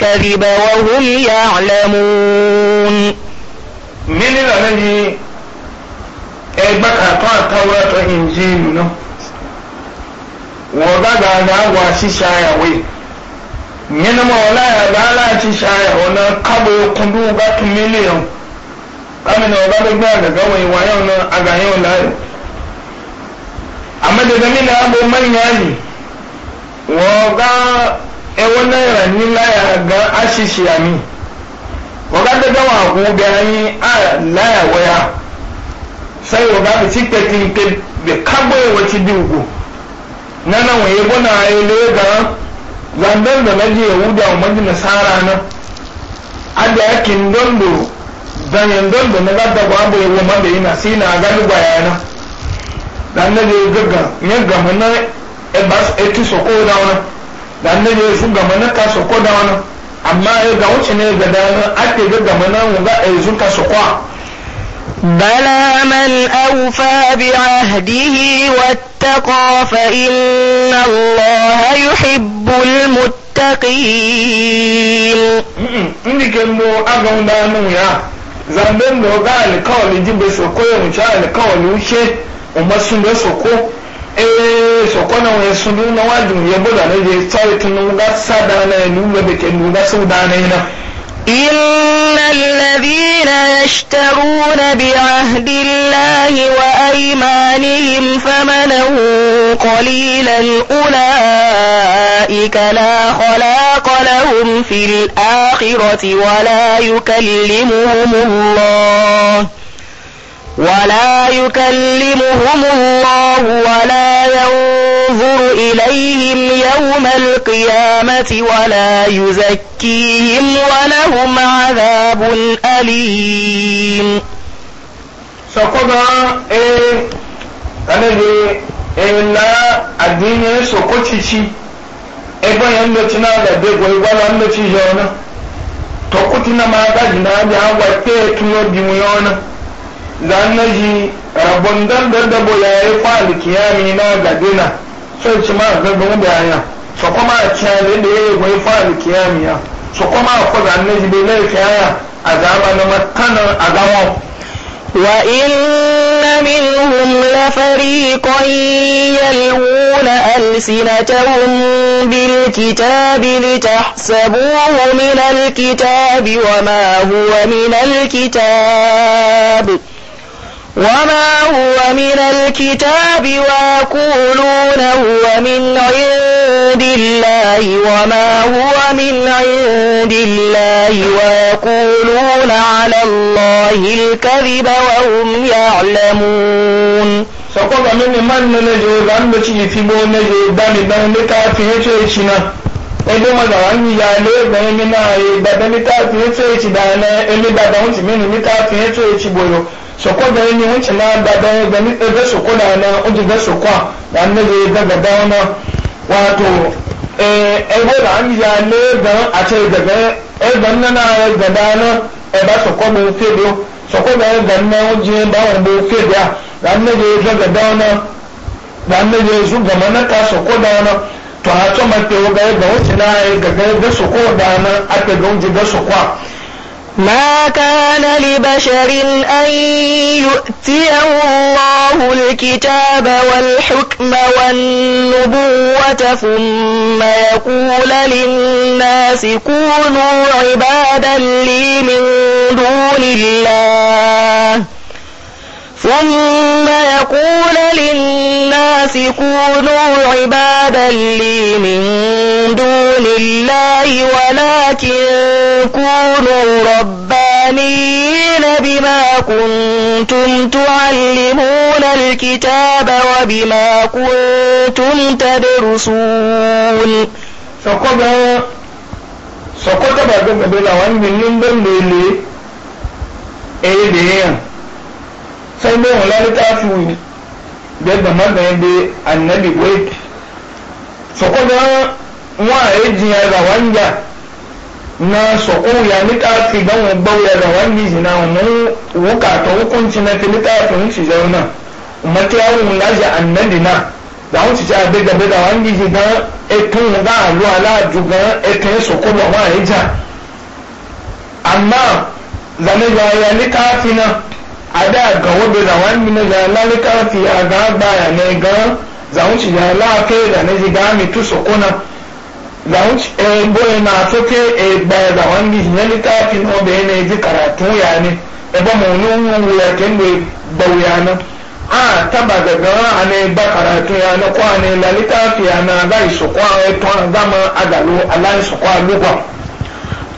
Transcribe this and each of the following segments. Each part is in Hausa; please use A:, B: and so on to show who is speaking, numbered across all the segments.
A: karibawa rumia alemoni milila nadi egbakata ta wurata in ji ilu na wa ga ga agwa a ci shaya wee milima walaya da ala ci shaya wa na kago kandu bakin miliyan kamina wa ga gbagwa ga gawai wa yau na agayi walaya amma daga mila agwa manya ne wa ẹwọ náírà níláyà gan aṣíṣe àmì ọ̀gádẹ́gbẹ́wọ̀n àkùn obìnrin láyà wẹ́yà sẹ́yìn ọ̀gá mi ti pẹ̀tì ìpè kágbó ìwọ̀ ti di ògò nánà wọ̀nyí gbọ́nà ilé gan zambẹ́ndọ̀ méjì ìwúdà ọmọdé na sára náà adé akin dondo zanyen dondo na gàdàgbọ́ abọ́ ìwọ̀ mọ́bẹ̀ yìí na sí na agádùgbà yà náà lànà lè gàgà yẹn gàmọ́ náà ẹ̀bá ẹtú sọ̀kó dáwọn náà. da ne ya su gama na da wani amma ya ga wuce ne ga damar ake na wuga a yi su kaso kwa
B: bala man aufa bi ahadihi wata kofa ina allaha yi hibbul mutaƙi
A: indi a ga wuda nun ya zanben da wuga alikawali jibe sokoyon wuce alikawali wuce umar sun da soko Eh, sokona wa sunu na wadu ya boda ne je tsare tunu sada na nu ga beke nu ga
B: إن الذين يشترون بعهد الله وأيمانهم ثمنا قليلا أولئك لا خلاق لهم في الآخرة ولا يكلمهم الله ولا يكلمهم الله ولا ينظر إليهم يوم القيامة ولا يزكيهم ولهم عذاب أليم سقطا إيه أنا illa
A: addinin su kucici ibon yanda cina da bai gwai gwala yanda ci jauna to na mu zanna ji rabon dan da dabo ya yi fali kiyami na gadina sai ci ma ga gumu da yaya so kuma a ciyali da ya yi gwai fali kiyami ya so kuma a kwa zanna ji bai lai kiyaya a zamanin makanar a gawon
B: وإن منهم لفريقا يلوون ألسنتهم بالكتاب لتحسبوه من الكتاب وما هو من الكتاب وما هو من الكتاب ويقولون هو من عند الله وما هو من عند الله ويقولون على الله الكذب وهم يعلمون sakoga mini man nana je ban da ci fi
A: bo na je ba mi ban da ta fi yace ci na e do ma da wani ya le ba mi na e da mi ta fi yace ci da na e mi ba da wani min ni ta fi yace ci boyo soko da yin wuce na da da ya gani da eh, soko da na uji da soko eh, eh, da an ne ga da wani wato eh ebo da an ya ne ga a ce daga ga e dan na na ga da na e ba soko mu fe do soko da ga na uji da wani mu fe da da an ne da wani da an su ga mana ta soko da wani to a to ma te ga ga wuce na ga ga da soko da na a te ga uji da
B: ما كان لبشر أن يؤتيه الله الكتاب والحكم والنبوة ثم يقول للناس كونوا عبادا لي من دون الله ثم يقول للناس كونوا عبادا لي من دون الله ولكن كونوا ربانين بما كنتم تعلمون الكتاب وبما كنتم تدرسون سقط سقط
A: بعد ما بلا وان من يوم بلي ايه sai mai wala littafi da da magayin da annabi wake soko ga wa eji ya zawanja na soko ya littafi don wabba ya zawanji zina mu wuka ta hukunci na littafin shi zauna mata yawon laji annabi na da wọn ti ṣe abẹ́gbẹ̀gbẹ̀gbẹ̀ wọn yíyí gan ẹkún bá àlọ́ aláàjù gan ẹkún sọ̀kọ́ bọ̀ wọn àìjà àmọ́ zanẹ́gbẹ̀rẹ̀ ní káàfin náà ada ga wabe da wani na zalali kafi a ga baya ne ga zaunci ya lafe da na ga mi tu sokona zaunci e boye na soke e baya da wani ne litafi no be ne ji karatu ya ne e ba mu nu ya kende ya na a taba ga ga ane ba karatu ya na kwa ne la litafi ya na ga isokwa e to gama adalo alai sokwa lugwa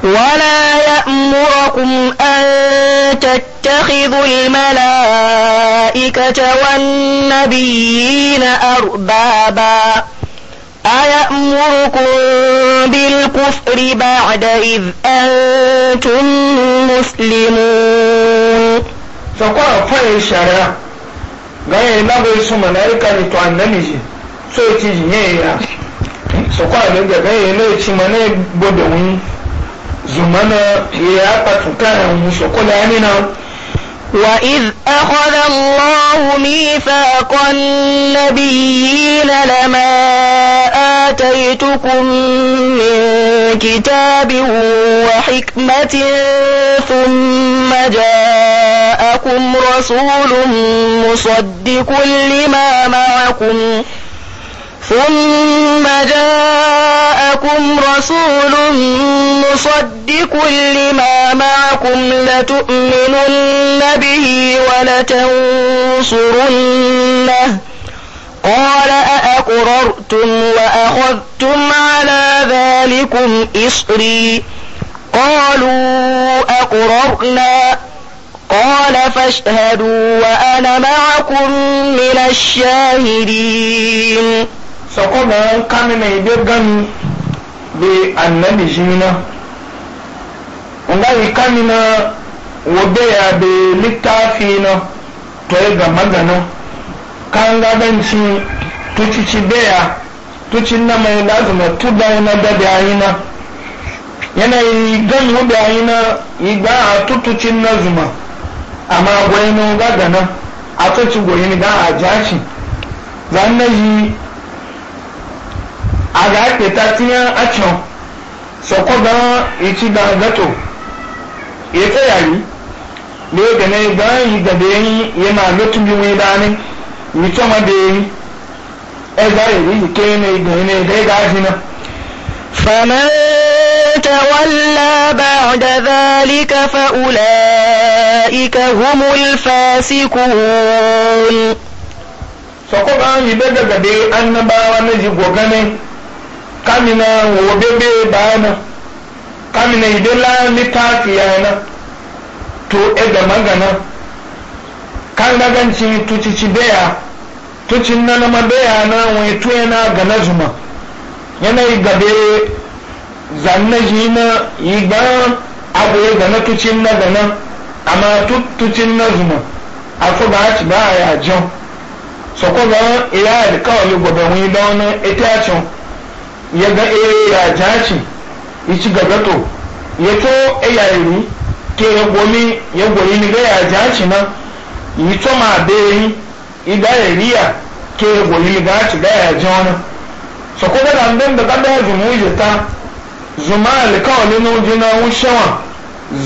B: ولا يأمركم أن تتخذوا الملائكة والنبيين أربابا أيأمركم بالكفر بعد إذ أنتم مسلمون sakwa akwai shari'a ganye na bai su malaika ne to annabi ji so
A: ci ji ne ya sakwa ne ga ganye ne ci mana bodo wuni
B: زمانا هي أبتكا ومشوكو لأمنا وإذ أخذ الله ميثاق النبيين لما آتيتكم من كتاب وحكمة ثم جاءكم رسول مصدق لما معكم ثم جاءكم رسول مصدق لما معكم لتؤمنن به ولتنصرنه قال أأقررتم وأخذتم على ذلكم إصري قالوا أقررنا قال فاشهدوا وأنا معكم من الشاهدين sako na kani na ibe gani be annabi jina
A: ngai kani na wobe ya be littafi na to ya ga magana kan gabanci tucici beya tucin na mai tu tuda na da da ayina yanayi gani wobe ayina igba a tutucin na zuma amma gwai na gagana a tuci goyi ni ga a jashi zan na yi aga peta tiya acho soko da ichi gato ita yari e ne ga ne ga yi ga da
B: yi yana lotu bi wani dani mi ta ma da yi e ga yi ke ne ga ne ga jina فمن تولى بعد ذلك فأولئك هم الفاسقون سقط عن يبدأ بأن
A: باوانا جيبوا kamina wo bebe bana kamina idela litafi yana to egama magana kan gaganci tucici beya tucin na nama beya na wani tuye na gana zuma yanayi gabe zanna ji na yi ga abu ya gana tucin na gana amma tucin na zuma a ba ci ba a yajen so ko ga iya alkawali gobe wani da wani ita cin ya ga ya jaci ya ci gagato ya to ya yi ke ya gomi ya goyi ni ga ya jaci nan yi to ma be yi ga ya riya ke ya goyi ni ga ci ga ya ji wani so ko da nan da kada zumu yi ta zuma alkawali no jina wushawa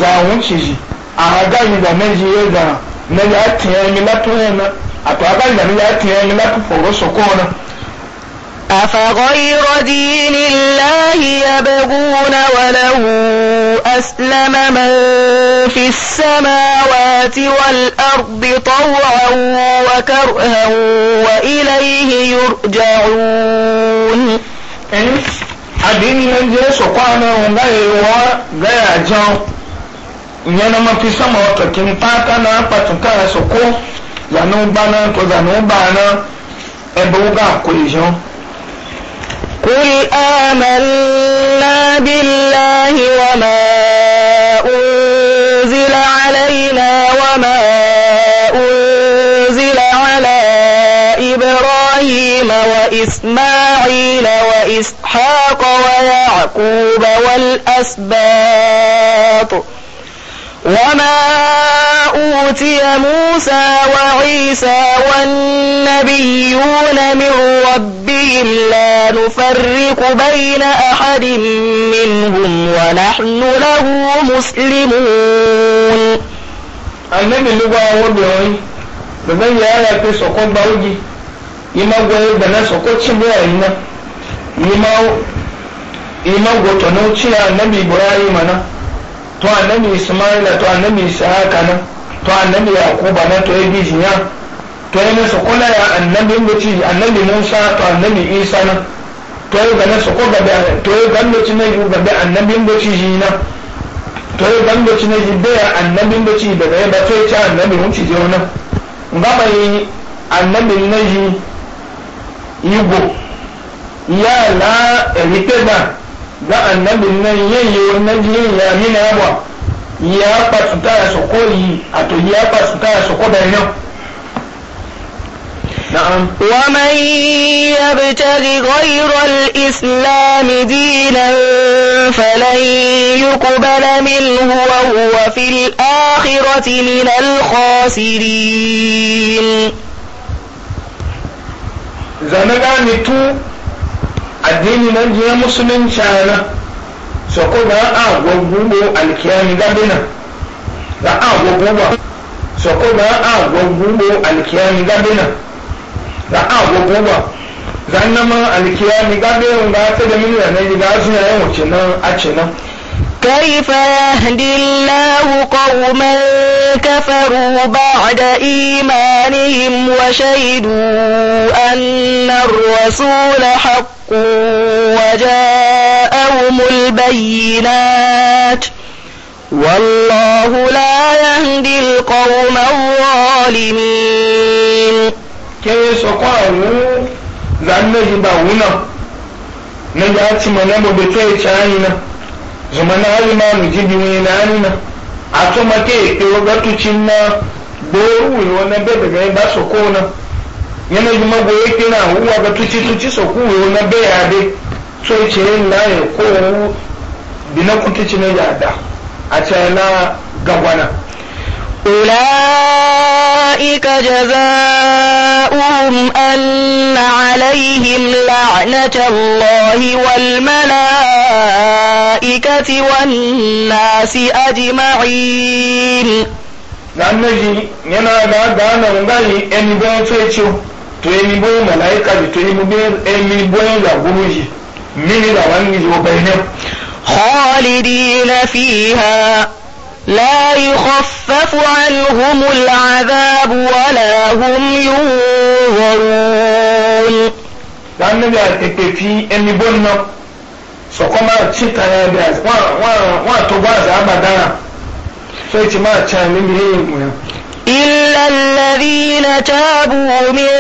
A: za wuce shi a haga yi da nan ji ya da na ya tiyan mi latu yana a to haga yi da ya tiyan mi latu foro so ko na
B: أَفَغَيْرَ دين اللَّهِ يبغون وله أَسْلَمَ مَنْ فِي السَّمَاوَاتِ وَالْأَرْضِ طوعا وكرها وإليه يُرْجَعُونَ addini na je su wanda yawa
A: gaya jan yana mafi sama wakakin na patuka su
B: ko zanen bana to zanen bana ebe wuga قل آمنا بالله وما أنزل علينا وما أنزل على إبراهيم وإسماعيل وإسحاق ويعقوب والأسباط وما أوتي موسى وعيسى والنبيون من ربهم لا نفرق بين أحد منهم ونحن له مسلمون annabi lugba wanda
A: yawai da zan ya yafe sokon bauji yi magwaye da na sokocin da yayi yi ma goto na annabi ibrahim na to annabi ismaila to annabi isaka nan to annabi yakuba nan to yabi jiya to yi nasa kula ya annabi mutu annabi musa to annabi isa nan to yi gane su ko gabe to yi gandoci na yi gabe annabin mutu shi nan to yi gandoci na yi baya annabin mutu daga yaba to yi ci annabi mutu je nan gaba yi annabi na yi igbo ya la erikeda ga annabin nan yayye wannan jiyan ya mina yawa ya fasu ta ya soko yi a to ya fasu ta ya soko da
B: nan ومن يبتغ غير الإسلام دينا فلن يقبل منه وهو في الآخرة من الخاسرين زمنا نتو
A: addini na jiya musulun na so ko ba a gwagwugo alkiyami gabina ga a gwagwugo so ko ba a gwagwugo alkiyami gabina ga a gwagwugo zan nama alkiyami gabina ba ta da miliyan ne ga su yayin wuce cinan a cinan
B: كيف يهدي الله قوما كفروا بعد إيمانهم وشهدوا أن الرسول حق وجاءهم البينات والله لا يهدي القوم الظالمين كيف قالوا
A: لأنه النجم باونا نجاتي منامو بكيت عينه zuma na alimamu jibini na anina a tuma ke ɗewa gatucin na doruwi wannan bai daga yin ba su kona yana yi magoye na huwa ga tuci tuci su kuwa wannan bai yabe so ce yin laye ko bina kutuci na yada a na gagwana
B: أولئك جزاؤهم أن عليهم لعنة الله والملائكة الملائكة والناس أجمعين لأن نجي نينا دا
A: دا نغاني أني بو فيتشو تو أني بو ملائكة تو أني أني بو لا غوجي مين لا وانجي وبينهم
B: خالدين فيها لا يخفف عنهم العذاب ولا هم ينظرون لأن نجي
A: أتكفي أني بو sọkọ máa tí tara ẹbí àti wọn àtọgbọ àti àbàdàrà
B: fẹẹ ti máa tí a níbi yíyí mú yẹn. إلا الذين تابوا من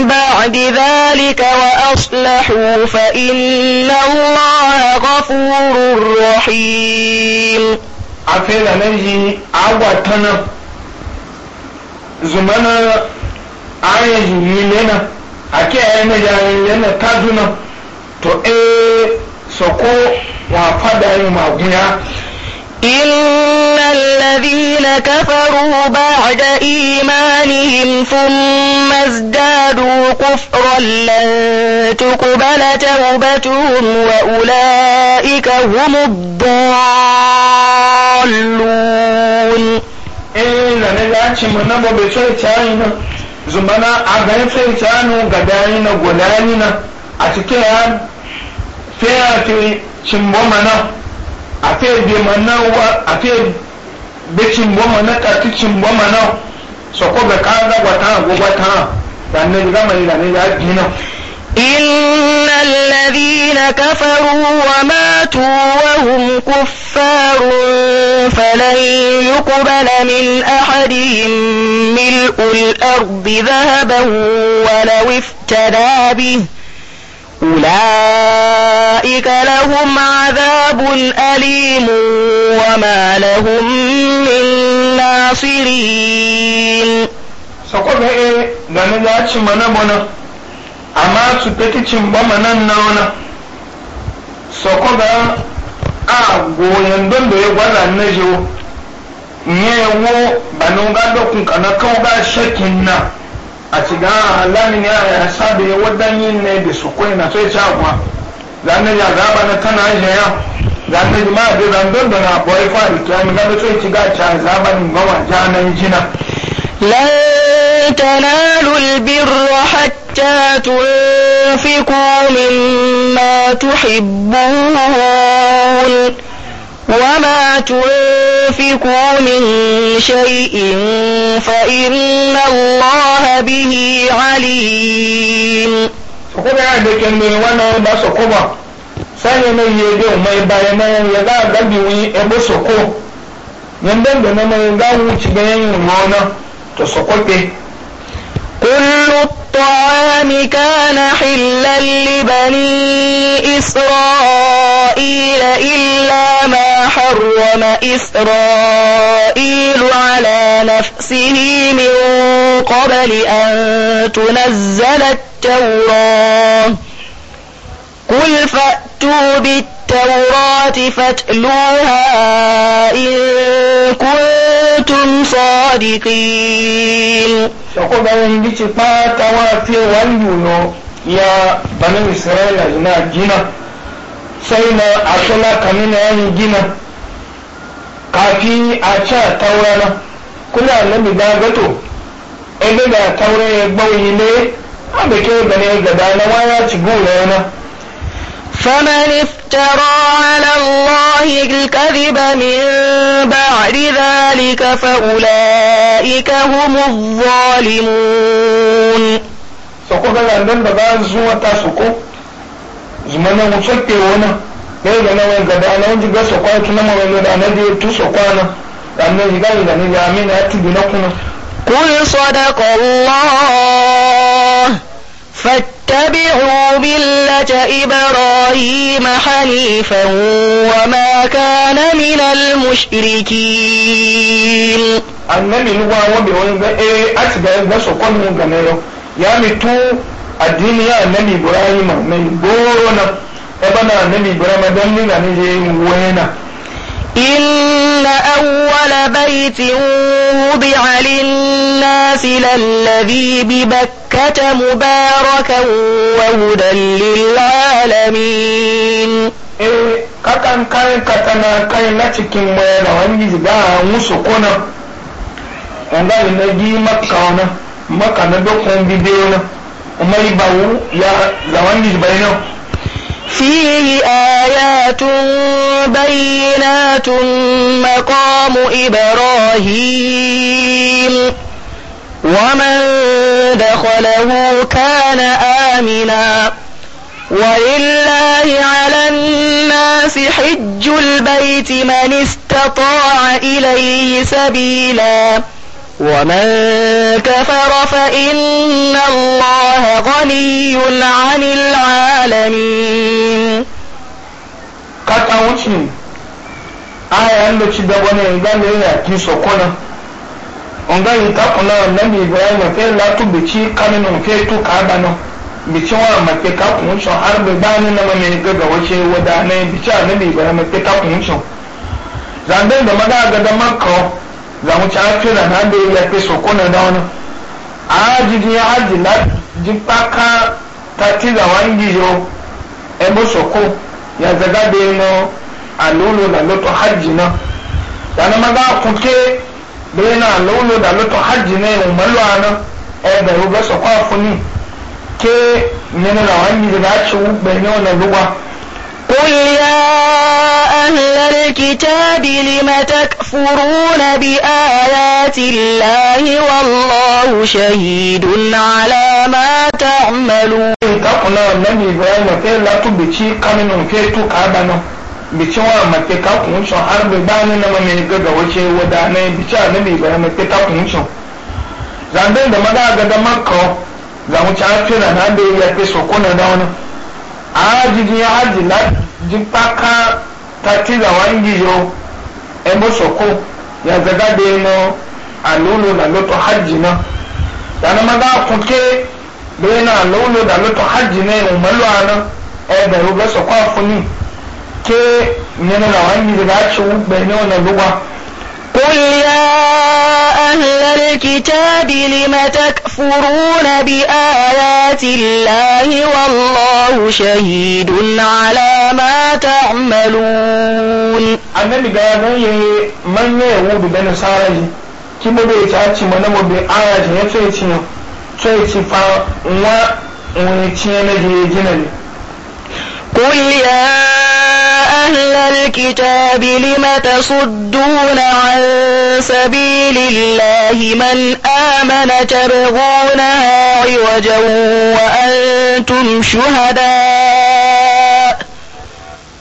B: بعد ذلك وأصلحوا فإن الله غفور رحيم
A: أفعل نجي أواتنا زمانا آيه يلينا أكي أين جاين لنا تازنا
B: تو إيه so ko wa faɗa yin magunya. illan ladin kafe rubaju imanin fun masjadu ƙufwalle tukuna taubatun wa ulaika kuma bwamun. e nanen da a cimma na bo bai soya
A: tayani na zumana a ganin soya tayanu gada yainu a cikin fẹ́yàtì chimbomana àti èdèmọ̀nà wa àti èdè chimbomana kàti chimbomana sọ̀kọ́ bẹ̀ ká dàgbà tán àgbọ̀gbà tán ìlànà ìgbàmọ̀ ìlànà ìyá dínà.
B: إن الذين كفروا وماتوا وهم كفار فلن يقبل من أحدهم ملء الأرض ذهبا ولو افتدى به أولئك لهم عذاب أليم وما لهم من ناصرين sakwai e gani da ci mana bana amma su fiti cin ba
A: na a goyon don da ya gwada na jiwo ne wo ba nun ga dokun kana kawo ga shakin na a ci ga alamin ya ya sabe wadan yin ne da su koyi na sai ta kuwa zanen ya gaba na tana ajiye ya zanen ma da zandon da na boye fari to ya gaba sai ci ga ta zaban gawa janan jina
B: لن تنالوا البر حتى تنفقوا مما تحبون وما تنفقوا من شيء فإن الله به عليم kuma ya da kyan mai wannan ba su kuma sanya mai yego mai bayanan ya za a gabi wani
A: ebo soko yandan da na mai za wuce ga yanyin rona to sokoke
B: كل الطعام كان حلا لبني إسرائيل إلا ما حرم إسرائيل على نفسه من قبل أن تنزل التوراة قل فأتوا بالتوراة التوراة فاتلوها إن كنتم صادقين يقول بأن يجي فاتوا في واليونو يا بني
A: إسرائيل هنا جنا سينا أشلا كمين يعني جنا كافي أشا تورانا كنا نبي داغتو إذا دا تورانا يبوي ليه أبكي بني إذا دانا ويا تقول
B: هنا فمن افترى على الله الكذب من بعد ذلك فأولئك هم الظالمون sako ga nan da bayan zuwa ta sako
A: zumana mu tsakke wani ne ga nan ga da nan ji ga sako ta nan mai da nan da tu sako na dan ne ga ga ne ya amina ya tudu na kuna
B: kun sadaqa Allah fat واتبعوا ملة إبراهيم حنيفا وما كان من المشركين annabi nuwa wanda wani ga eh a
A: ci ga ga so kon mun ga nero ya mi tu addini ya annabi ibrahim na goro na e bana annabi ibrahim dan ni ga ni je wena
B: in أول بيت وضع للناس للذي ببكة مباركا وهدى للعالمين kakan kai katana kai na
A: cikin waya da wani ga musu kuna wanda na gi makka wana makka na dokon bidiyo na umar bawu ya zaman gizbai na
B: فيه آيات بينات مقام إبراهيم ومن دخله كان آمنا ولله على الناس حج البيت من استطاع إليه سبيلاً ومن كفر فإن الله غني عن العالمين kaka wuce
A: aya da ci da wani ga ne ya ki sokona onga yi ta kula nan bi ibrahim fe la tu bi ci kanun fe tu ka bi ci wa ma fe har bi na wace bi ci zamu ci da na da ya fi sokona da wani a ya haji na jipaka ta ti da wani yo ebo soko ya zaga da yin alulu da loto haji na da na maga kuke da yin alulu da loto haji na yin malwa na ebe ruga soko afuni ke nina da wani da ci wubbe ne wani ruwa
B: قل يا أهل الكتاب لم تكفرون بآيات الله والله شهيد على ما تعملون kakuna nabi ibrahim
A: fe latu bici kaninu fe tu kadano wa mace kakun shon har bi bani na mame gaga wace wada na bici a ibrahim kakun shon zandun da magana ga da makka zamu ci afira na da ya da wani ajigi aji na jikpaka tatiza wangiyo ebo soko ya zagade no alulu na loto haji na dana maga kuke bena alulu na loto haji ne umalu ana ebe ruga soko afuni ke nene na wangiyo ga ci ugbe ne ona lugwa
B: قل يا أهل الكتاب لم تكفرون بآيات الله والله شهيد على ما تعملون annabi ga yaron
A: ya yi manya yahudu da nasara ne ki mu bai ta ci mana mu bai aya ta ya ce ci ce fa wa wani ci na je gina ne
B: أهل الكتاب لم تصدون عن سبيل الله من آمن تبغونها عوجا وأنتم شهداء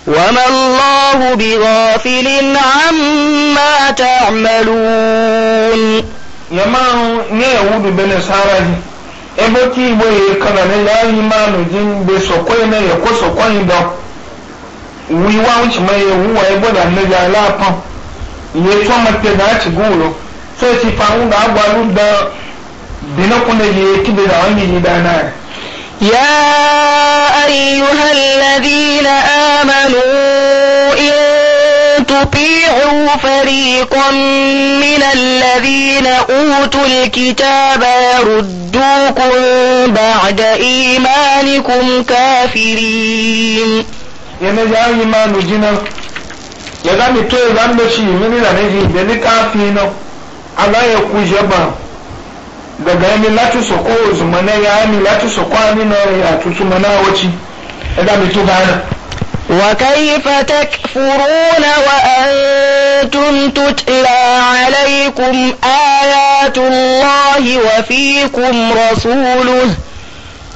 B: وما الله بغافل عما تعملون يما يهود
A: بن سارة ebe ki igbo ya kana ne ya yi manu jin be sokoi ne ya ko sokoi don wiwa wuce mai yawuwa ya gwada annabi alafan ya tso mata da ci goro sai ci faru da agwalu da binakuna ya kibe da wani gida na
B: يا أيها الذين آمنوا إن تطيعوا فريقا من الذين أوتوا الكتاب يردوكم بعد إيمانكم كافرين yana ya yi ma nujinan ya ga mi to ya zan da
A: shi mini da naji da ni kafi na ala ya ku jaba daga ya mi lati soko zumana ya mi lati soko amina ya tutu mana waci ya e ga mi to gana
B: وكيف تكفرون وأنتم تتلى عليكم آيات الله وفيكم رسوله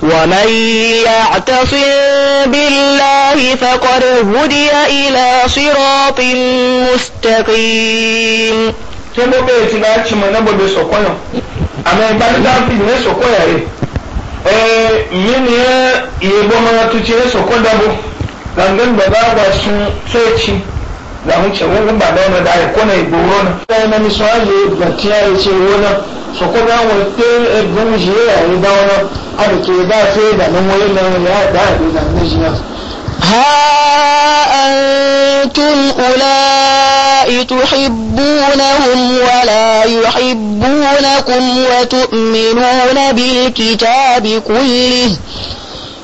B: ومن يعتصم بالله فقد هدي إلى صراط مستقيم ṣé mo bẹ̀rẹ̀ ti láti ṣe mọ̀ náà gbogbo sọ̀kọ́
A: àmọ́ ẹ̀gbá ní dábì ní sọ̀kọ́ yà rẹ̀ ẹ̀ mí ni ẹ̀ ìyẹ̀bọ̀ máa tún ti ní sọ̀kọ́ dábò làǹdẹ̀ bàbá wa sun ṣéèkì làwọn ṣẹ̀wọ́n gbàdá ọ̀nà dáa ẹ̀kọ́ ìgbòho náà. ẹ̀ ẹ̀ mẹ́mi sọ ayé ìgbà tí ṣe owó náà. so ko ga wani te egun ji ya yi da wani abu ke da fe da nan wani nan ya da abu da nan
B: ji ها أنتم أولئك تحبونهم ولا يحبونكم وتؤمنون بالكتاب كله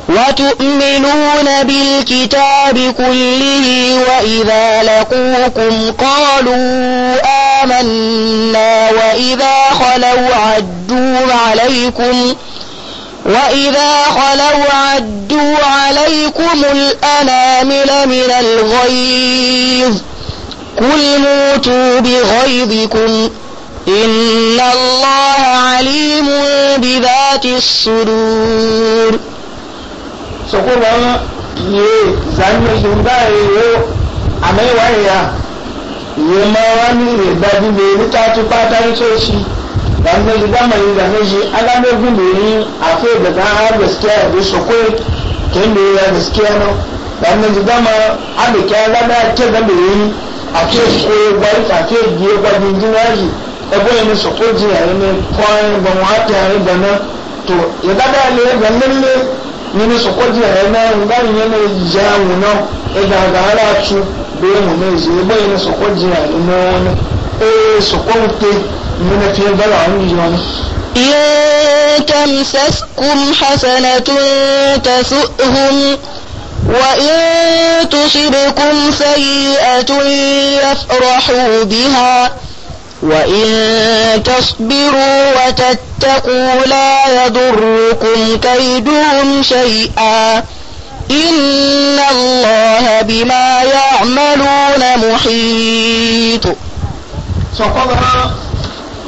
B: وتؤمنون بالكتاب كله وإذا لقوكم قالوا آمنا وإذا خلوا عدوا عليكم وإذا خلوا عدوا عليكم الأنامل من الغيظ قل موتوا بغيظكم إن الله عليم بذات الصدور soko wọn yie zanyo yunga eyo amewa ya
A: iye mọwa ni ìgbàdí lè níta tó pátá ní tó ṣi zanyo yunga mọ yunga méjì alámẹ́gùn lè ní àfọ ìgbàgbà àgbẹ̀sìkẹ́ ẹ̀dẹ́ soko kéńdé àgbẹ̀sìkẹ́ ẹ̀nà zanyo yunga mọ àbẹ̀kẹ́ alámẹ́ akẹ́gbẹ́ lè ní àfọ ìfọ ìgbà ìfà àfọ ìdí ìgbà ìdí náírà ẹgbẹ́ yẹn ní nínú sọ̀kọ́jì ẹ̀ mẹ́rin báyìí yẹn lè jẹ́ àwọn náà ẹ̀dà àgàrà tu bẹ́ẹ̀ mọ̀ náà èzè ẹgbẹ́ ni. sọ̀kọ́jì ẹ̀ mẹ́rin náà ee sọ̀kọ́wùté nínú fi ń bẹ́rẹ̀ àwọn yìí wọn.
B: إن تمسسكم حسنة تسؤهم وإن تصبكم سيئة يفرحوا بها وإن تصبروا وتتقوا لا يضركم كيدهم شيئا إن الله بما يعملون محيط سقطها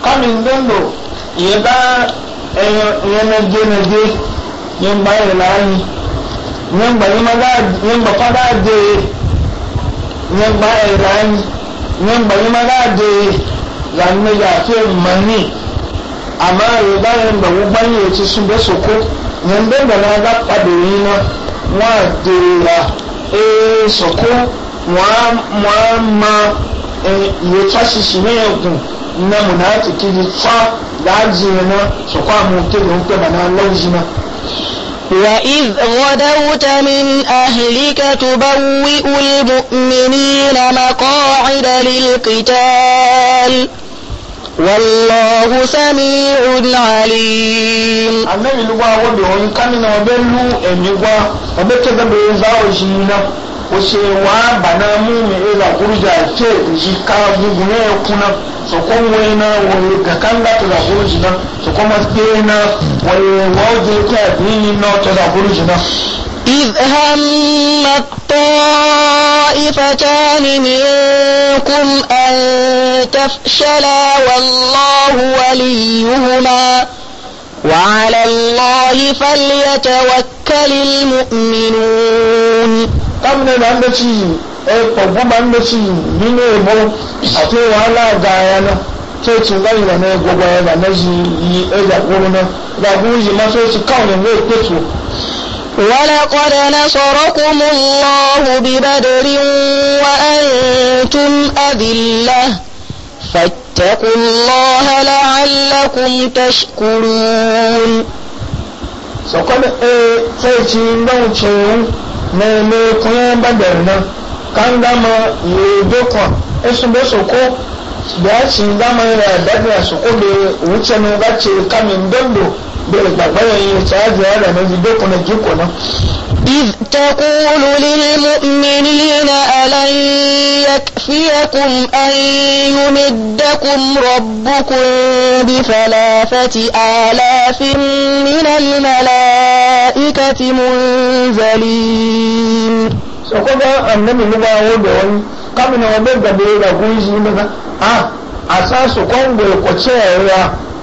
B: قبل ذنبه يبقى
A: يمجمجي ينبع العين ينبع المداد ينبع فداد ينبع العين ينبع المداد zanna ya fi mani amma ya bayan da wuban ya ci sun da soko yan da na ga kwadiri na wa dirira e eh, soko wa ma eh, ya tashi shi ne yankun na munafiki da tsa da ajiye na soko
B: a mutu da hukuma na laujina وإذ غدوت من أهلك تبوئ المؤمنين مقاعد للقتال والله سميع عليم أنا يلقى ودعون كان نبلو أن يقوى وبكذا
A: بيزاوجينا wace wa bana mu ila gurja ce ji ka gugu ne kuna so ko wai na wai ga kan da ta gurji na so kuma
B: ke na wai waje ka dini na ta gurji na إذ هم الطائفتان منكم أن تفشلا والله وليهما وعلى الله فليتوكل المؤمنون kamne na mbechi ọgbụgba e, mmechi n'ime egbo
A: àti wàhálà àga ya na church nga yi na egwugwa ya na mezi yi eja kwuru na gbagbu yi ma church kawne nga ekwetu
B: ولقد نصركم الله ببدر وأنتم أذلة فاتقوا الله لعلكم تشكرون سقط ايه سيتي نوتشين
A: meme kuyan badar na kan gama yedokon esun be soko da shi zama ya dadra soko be wuce ne ba ce kamin dondo bẹ̀rẹ̀ gbàgbọ́ yẹn ṣáájú ọ̀rọ̀ mi fi dókun ẹ̀jẹ̀kọ̀ náà.
B: إذ تقول للمؤمنين ألن يكفيكم أن يمدكم ربكم بثلاثة آلاف من الملائكة منزلين
A: سوكوكا أنمي نبا ودون كامنا وبيبا بيبا كويسي مثلا آه أساسو كونغو يكوشي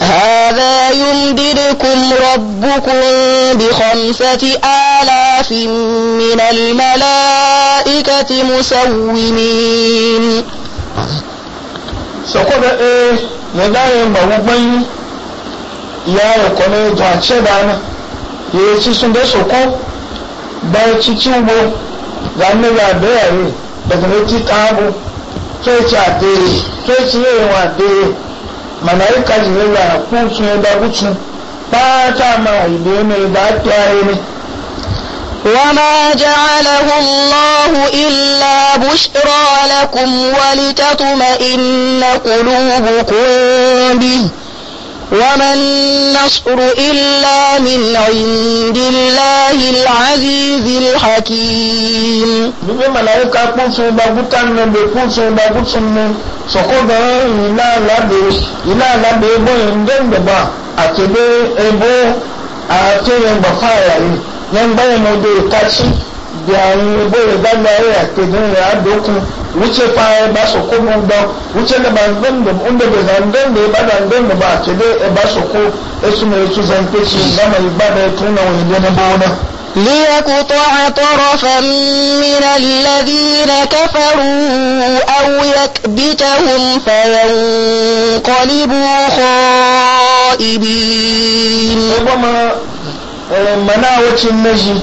B: هذا يمددكم ربكم بخمسة آلاف من الملائكة مسومين
A: sọkọdọ ee yẹn dáhùn ẹgbà gbogbo yín ìyá ẹkọ ní ètò àtẹ̀dáná yèé sísun dé sọkọ bá etí tí wo lànàgbà bẹ́ẹ̀ rè dọ̀gbọ̀n etí káàbù tó etí àdéhè tó etí yẹ̀wọ̀n àdéhè. malaika jibril a kun sun da gutsun ba ta ma ibe mai da tayi ne
B: وما جعله الله إلا بشرى لكم ولتطمئن قلوبكم به وما النصر إلا من عند الله العزيز الحكيم gbogbo màláíkà kún fún bagúta nù bẹ kún fún bagúta nù sọkọdọ ìlà
A: alábẹ ìlà alábẹ ẹgbọn ìdẹgbẹgbà àtẹgbẹ ẹgbọn àtẹyẹgbà fáyà yìí yẹn báyìí mo dé ìtàkì yayin goyi balla ya ke jin ya dokun wuce fa ba su ko mun da wuce da ban dan da unda da zan dan da ba dan dan da ba ke da ba su ko su mai su zan ke
B: ليقطع طرفا من الذين كفروا أو يكبتهم
A: فينقلبوا خائبين. mana wacin nashi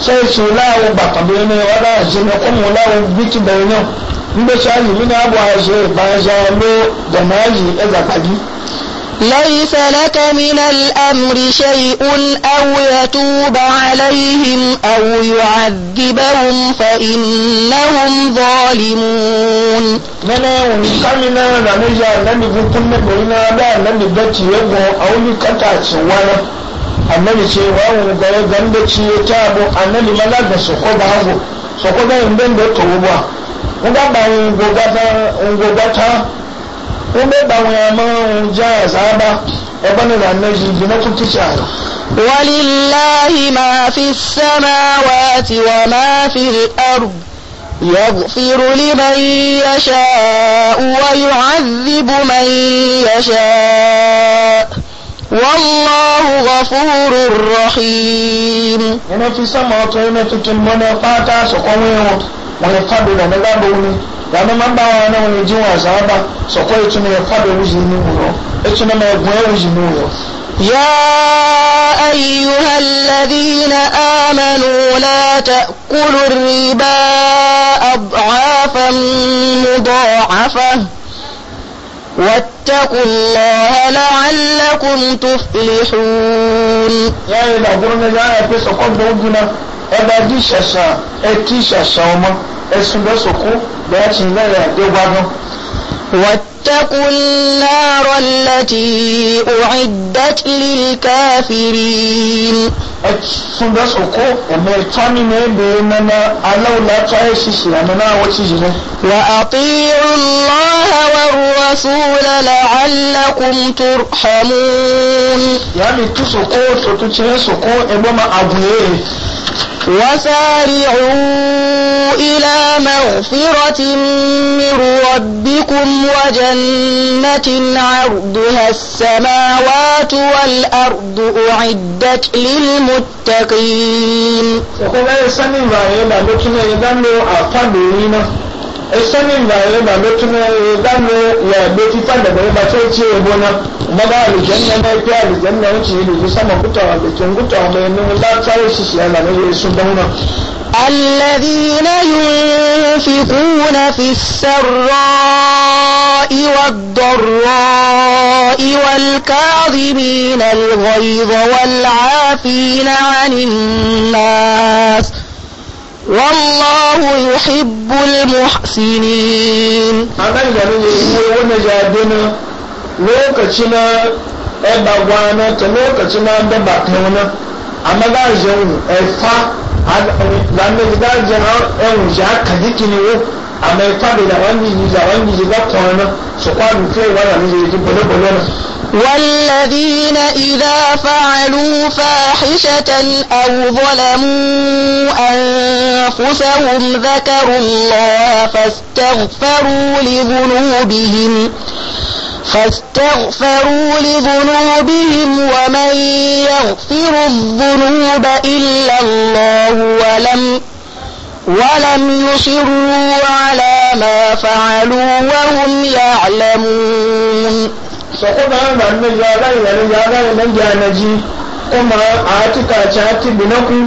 A: sai su lawo ba ka bai ne wada shi na kuma lawo biki da ne in da shi ayi mina abu a shi ba lo da maji da zakadi
B: ليس لك من الأمر شيء أو يتوب عليهم أو يعذبهم فإنهم ظالمون nana kamina na nija na nufin kuma da ina da na nufin kata
A: annabi ce wa mu ga ci ya ta bu annabi mala ga su ko ba go so ko ga in da to wa mun ga ba in go ga
B: ta in ba mu ya ma ja ya saba e ba ne da annabi ji na ku ci ta ولله ما في السماوات وما في الأرض يغفر لمن يشاء ويعذب من يشاء والله غفور رحيم انا في سما وكاينا في كم من
A: فاتا سقوم يوت من فادو يعني ما بعوا انا من زابا
B: سقوم يوت من فادو وزيني اتنا ما يبغى وزيني مورو يا أيها الذين آمنوا لا تأكلوا الربا أضعافا مضاعفة واتقوا الله لعلكم تفلحون يا إلى قرنا جاء في سقوط دوجنا أبا دي شاشا
A: أتي شاشا وما أسن بسقو باتن لا يدوبانو
B: واتقوا النار التي أعدت
A: للكافرين sunba soko ɛmɛ tɔni ne de nana alaw la tɔ ye sisi a nana awɔ sisi ne.
B: wa atiiru allah wa rasuula la'allakum turhamun. yaani tu soko sotu tiɲɛ soko ɛgbɛ ma a kun ye. وسارعوا إلى مغفرة من ربكم وجنة عرضها السماوات والأرض أعدت للمؤمنين للمتقين
A: esani nyaayi ba lotuna gano ya beti fanda bari ba sai ce yabo na maga alijanna na ita alijanna wuce yi
B: lulu sama kutawa da kin kutawa mai nuna ta tsaye shi shi yana na yi su dauna الذين ينفقون في السراء والضراء والكاظمين الغيظ والعافين عن الناس والله يحب المحسنين anan da ne yi
A: wani jadina lokaci na eba gwana ta lokaci na da ba ta wani amma za a je wani efa lamme za a je na ẹwùn ṣe aka diki ni wo amma efa bai da wani yi da wani yi za kwana su kwanu kai wani yi ji bolo bolo na
B: والذين إذا فعلوا فاحشة أو ظلموا أنفسهم ذكروا الله فاستغفروا لذنوبهم فاستغفروا لذنوبهم ومن يغفر الذنوب إلا الله ولم ولم يصروا على ما فعلوا وهم يعلمون soko ga ba nan ya ga ya nan ya ga nan ya
A: naji kuma a tika ci hati binaku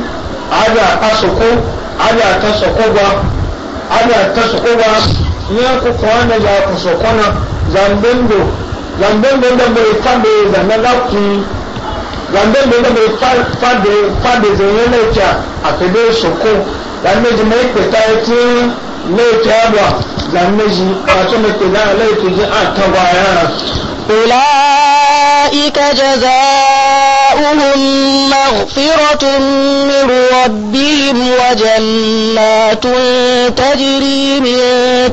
A: ada ka soko ada ta soko ba ada ta soko ba ne ku kwana ya ku soko na zambendo zambendo da bai tabe zanna lafi zambendo da bai fade fade zanne lafiya a kebe soko zanne ji mai kwata ya ce lafiya ba zanne a ba su mai kwata ne ji a ta baya
B: أولئك جزاؤهم مغفرة من ربهم وجنات تجري من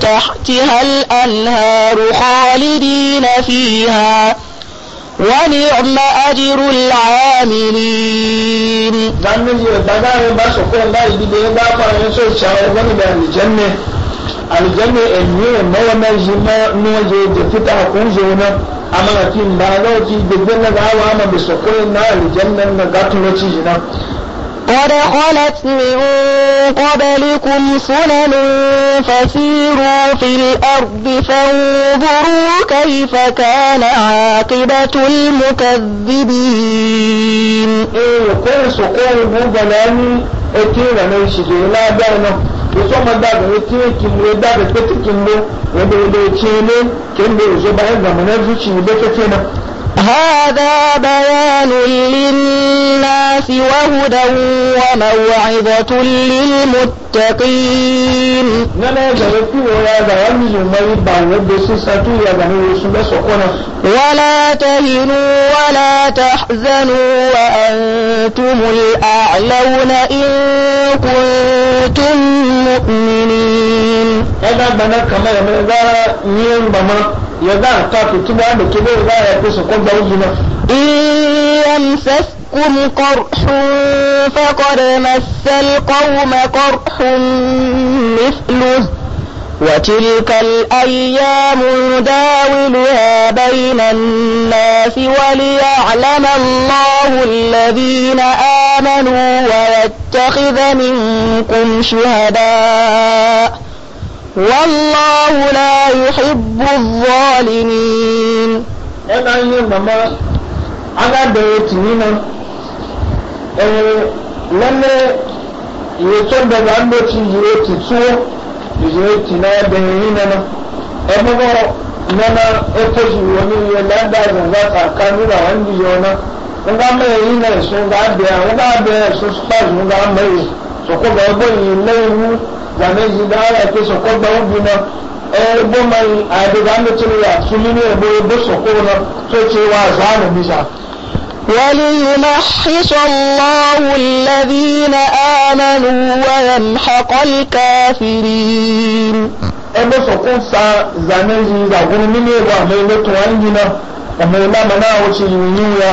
B: تحتها الأنهار خالدين فيها ونعم أجر العاملين.
A: aljame e e enyewe mawanajima nuwajeje fitaha kunzona amana kin banaji degenna gawa ama besokoye na aljanna na gatuno cijina
B: قد خلت من قبلكم سنن فسيروا في الأرض فانظروا كيف كان عاقبة المكذبين كل سكون بوبلاني أتينا من شجرنا
A: دعنا وصوما دعنا وتيه كمو دعنا تتكمو ودعنا تيه كمو وزبعين زمنا زوشي بكتنا
B: هذا بيان للناس وهدى وموعظة للمتقين نعم، ولا تهنوا ولا تحزنوا وأنتم الأعلون إن كنتم مؤمنين
A: يدان قاتل تبع عنه كبير لا يقص قد أولنا
B: إن يمسسكم قرح فقد مس القوم قرح مثله وتلك الأيام نداولها بين الناس وليعلم الله الذين آمنوا ويتخذ منكم شهداء والله لا يحب الظالمين أنا يمما أنا بيتنا
A: lẹ́nu ìrètò bẹ̀rẹ̀ àgbẹ̀tì ìrètì tó ìrètì náà bẹ̀rẹ̀ yín nana ẹgbẹ́ nana ètò ìwọ ní iye lẹ́dà ìrìnàjò àká nínú àwọn ènìyàn náà wọ́n bá mẹ́rin yín náà ẹ̀sùn bá bẹ̀rẹ̀ àwọn bá bẹ̀rẹ̀ ẹ̀sùn sípàdé wọ́n bá mẹ́rin sọ̀kọ́ bẹ̀rẹ̀ bóyá lẹ́yìn zamezi da ala ke soko gba ubi na ebo mai adada metiri ya suli ni ebo ebo soko na to ce wa zanu bisa
B: وليمحص الله الذين آمنوا ويمحق الكافرين ebe soko
A: sa zamezi da
B: gurmi ne ba mai mutuwan gina da mai lamana wuce yi ya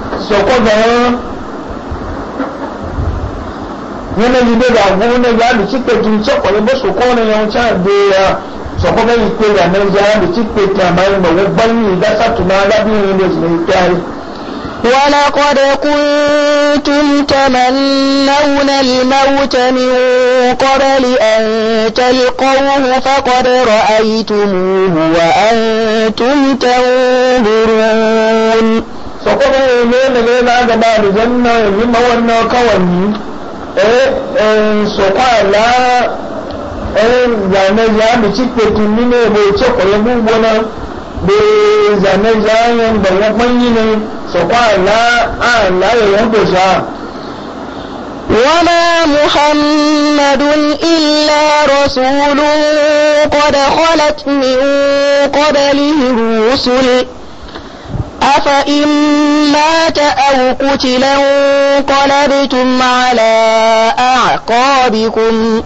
A: sọ̀kọ́ gan-an nínú ilé rẹ̀ àwọn onígbà lùtí pẹ̀tù sọ̀kọ́ lọ́bọ̀ sọ̀kọ́ ọ̀nà yẹn tí a gbé ya sọ̀kọ́ bẹ́ẹ̀ ìpè rẹ̀ nàìjíríà lùtí pẹ̀tù àmà ìmọ̀wé
B: gbẹ́yìn ìdásàtúmọ̀ alábìnrin yi ìlú ìtàrí. ولقد كنتم تمنون الموت من قبل أن تلقوه فقد رأيتموه وأنتم تنظرون sọkọ́nà ìlẹ́lẹ́lẹ́ lágbàbà àlùjẹ́nà
A: ìrìnmọ́wọ́nà kọwàní sọkọ́ àlá zanaja bici pekin nínú ebo tí ọkọ̀yẹ gbogbo náà bí
B: ne yẹn gbọ̀wọ́ pẹ́yì ni sọkọ́ àlá àlá yẹn gbèsà. وما محمد إلا رسول قد خلت من قبله الرسل أفإن مات أو قتلا انقلبتم على أعقابكم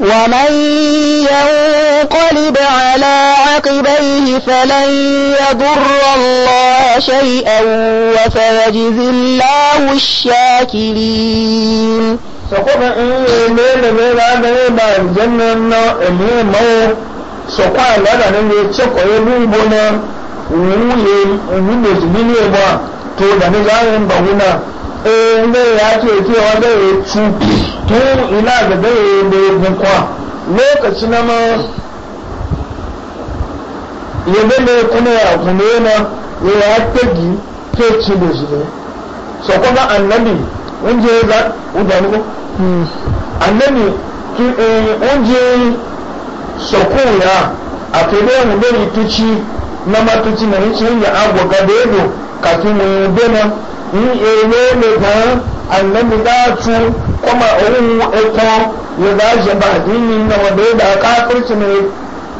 B: ومن ينقلب على عقبيه فلن يضر الله شيئا وسيجزي الله الشاكرين sọkọ́nà ẹ̀mí ẹ̀mí láàrín ẹ̀bà ìjẹ́mẹ́ ẹ̀mí ẹ̀mọ́ sọkọ́ àlọ́dà
A: wuye wunde su bine ba to da ni zarin ba wuna eh ne ya ce cewa da ya ci to ila ga da ya da lokaci na ma ya da ne kuma ya kuma yana ya ya tagi ke ci da shi ne so kuma annabi wanda ya za ne annabi ki sokoya a kai mu tuci na matuci na yi ya agwa ga bedo kafin bena ni ere le gan annabi da tu eto ya da je ba dini na wanda da kafirci ne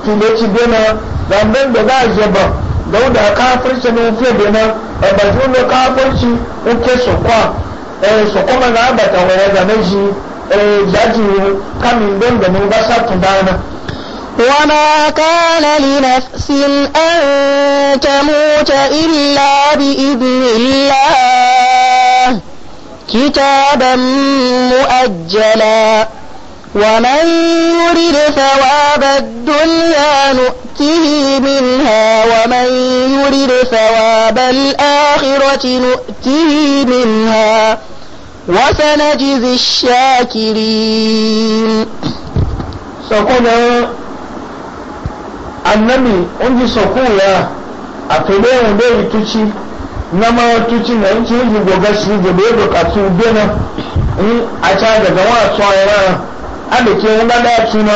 A: tule ci bena zamben da da je ba dauda kafirci ne fe bena e ba ju ne kafirci uke so kwa e so na ba ta waya da ne ji e jaji kamin ben da mun ba sa tudana
B: وما كان لنفس أن تموت إلا بإذن الله كتابا مؤجلا ومن يرد ثواب الدنيا نؤته منها ومن يرد ثواب الآخرة نؤته منها وسنجزي الشاكرين annabi onji sokuya
A: atole onde ituchi tuchi na nchi hizi goga shizi bego katu ubena ni acha daga wa a abe ke wanda da tuna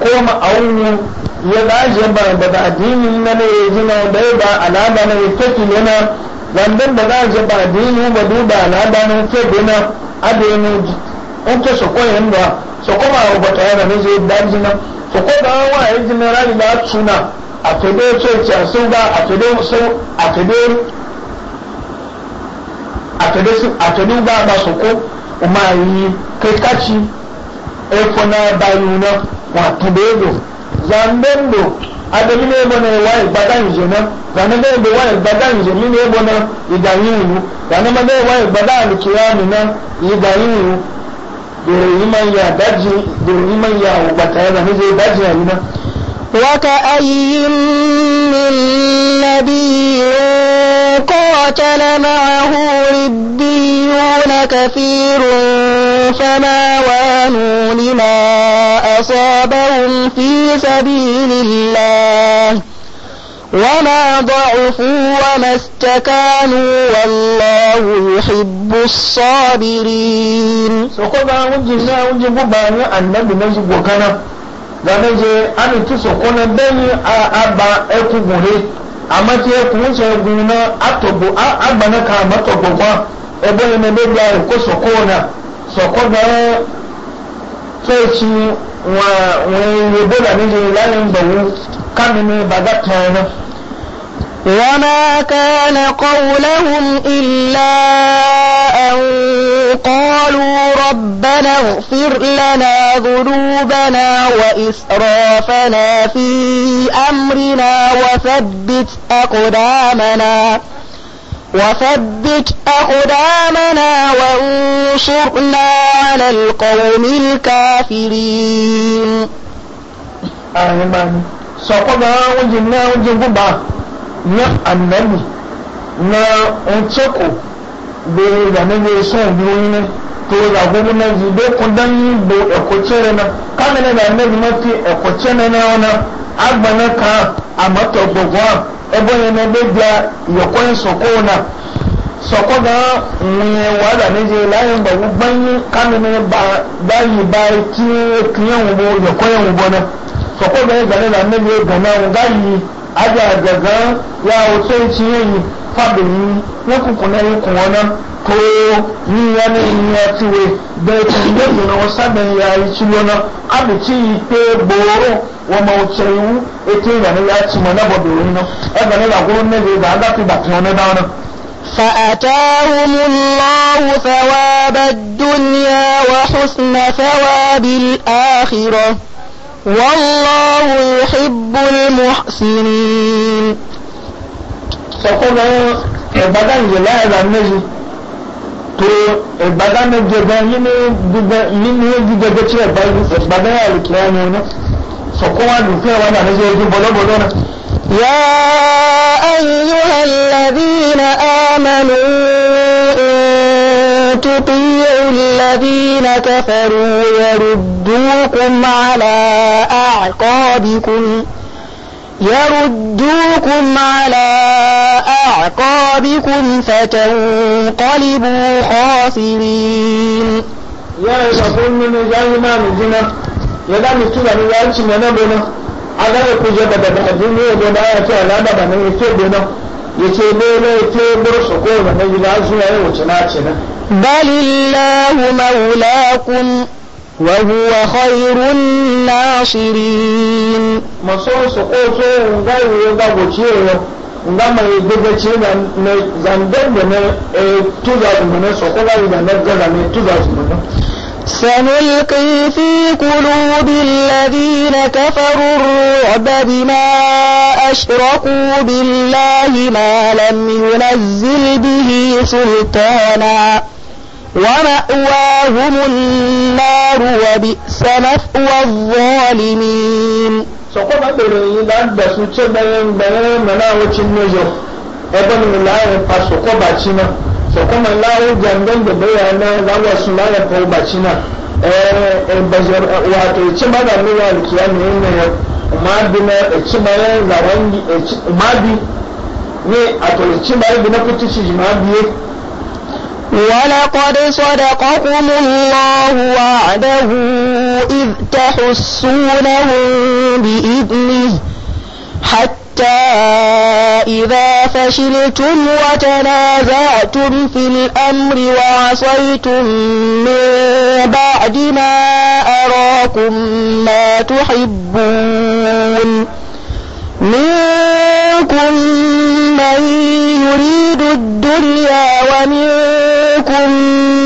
A: ko ma aunu ya da ba da addini na ne jina da ba alada na yake yana landan da da je ba addini ba duba alada na yake bena abe ne onke ba yana ne da so ko da wa yin e general ba tuna a tebe church a sun ba a tebe sun a tebe a tebe sun a tebe ba ba so ko uma yi kai kaci e fona bayuna wa tebe do zanden do adami ne bo ne wa ibada na zane ne bo wa ibada nje mi ne na idayin yu zane wa ibada alkiyami na idayin domin ya daji domin ya wubata yana zai daji
B: ya nuna من نبي قاتل معه ربيون كثير فما وانوا لما أصابهم في سبيل الله وما ضعفوا وما استكانوا والله يحب الصابرين سوكو با وجي نا وجي بو با ني النبي نجي بو
A: كانا da na je ani tu soko na bẹni aba ẹkú gùnre àmọ́ tí ẹkún ń sọ egun náà àtọ̀gbò àgbàna kan àmọ́tọ̀gbò kan ẹgbẹ́ yẹn ní ẹgbẹ́ ẹ̀kọ́ sọ̀kọ́ náà sọ̀kọ́ náà fẹ́ẹ́ ti wọ́n ẹ̀yẹ bọ́lá nílé láyé ń bẹ̀wò كمني بغتنا
B: وما كان قولهم إلا أن قالوا ربنا اغفر لنا ذنوبنا وإسرافنا في أمرنا وثبت أقدامنا وثبت أقدامنا وانصرنا على القوم الكافرين آمين sọ̀kọ́ na oúnjẹ na oúnjẹ gbọ́gbà
A: ní na ọ̀tẹ́kù bèèrè ìdánilé iṣẹ́ ìlú gbogbo náà yìí bẹ́ẹ̀ kọ́ dání bo ẹ̀kọ́ kyẹ́rẹ́ náà kámẹ́rẹ́ náà na máa fi ẹ̀kọ́ na náà náà agbana kan àmọ́tọ̀ gbogbo à ẹbọ yẹn náà bẹ́ẹ̀ gba ìyọ̀kọ́ ya soko mai gane na nan yau gana ngayi aja gaga ya wuce ci yi fadi yi na kukuna yi kuwa nan to ni ya ne ni ya tiwe da ci ne ne na ya yi ci lona abu ci yi pe boro wa ma wuce yi ete ga ne ya ci mana bodo yi no e ga ne
B: فأتاهم الله ثواب الدنيا وحسن ثواب الآخرة والله يحب المحسنين سكون بدن جلا زمزي تو
A: بدن جبان يني بدن يني جبان تشي باي بدن على كيان هنا سكون وانا نزي يجي بلو بلونا
B: يا أيها الذين آمنوا تطيعوا الذين كفروا يردوكم على أعقابكم يردوكم على أعقابكم فتنقلبوا خاسرين يا شكون من جايما نجنا يدا
A: مستوى نجايش منا بنا أغلق جبدا بحجين يجب أن يكون هذا بنا
B: يكون yace dole ke bursu ko na gida zuwa yau wuce na ce na balillahu maulakum wa huwa khairun nasirin maso su ko so ga yi ga goce
A: nga mai gudace na zangar da ne eh, tuza su mana so ko ga yi da na gaza ne tuza su mana
B: سنلقي في قلوب الذين كفروا الرعب بما أشركوا بالله ما لم ينزل به سلطانا ومأواهم النار وبئس مثوى الظالمين sọkọ bá bèrè yìí lágbàsú tí ó bẹ̀rẹ̀ ń bẹ̀rẹ̀
A: mẹ́lá ó so kuma lawo gangan da bayyana za mu su mara ko bacina eh, eh bajar eh, wato ci mara ne ya ne na ci ne a to ci na
B: ولقد صدقكم الله وعده إذ تحسونهم بإذنه حتى حتى إذا فشلتم وتنازعتم في الأمر وعصيتم من بعد ما أراكم ما تحبون منكم من يريد الدنيا ومنكم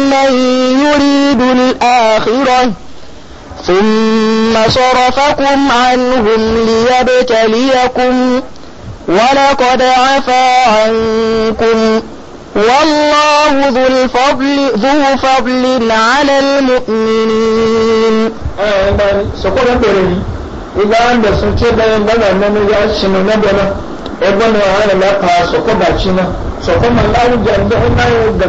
B: من يريد الآخرة ثم masɔrɔfa kun manuhu ni ya bi taliya kun wani koda ya yi fahimkun wannan bugu faɓuli na halar mu. a
A: bai na da da wani da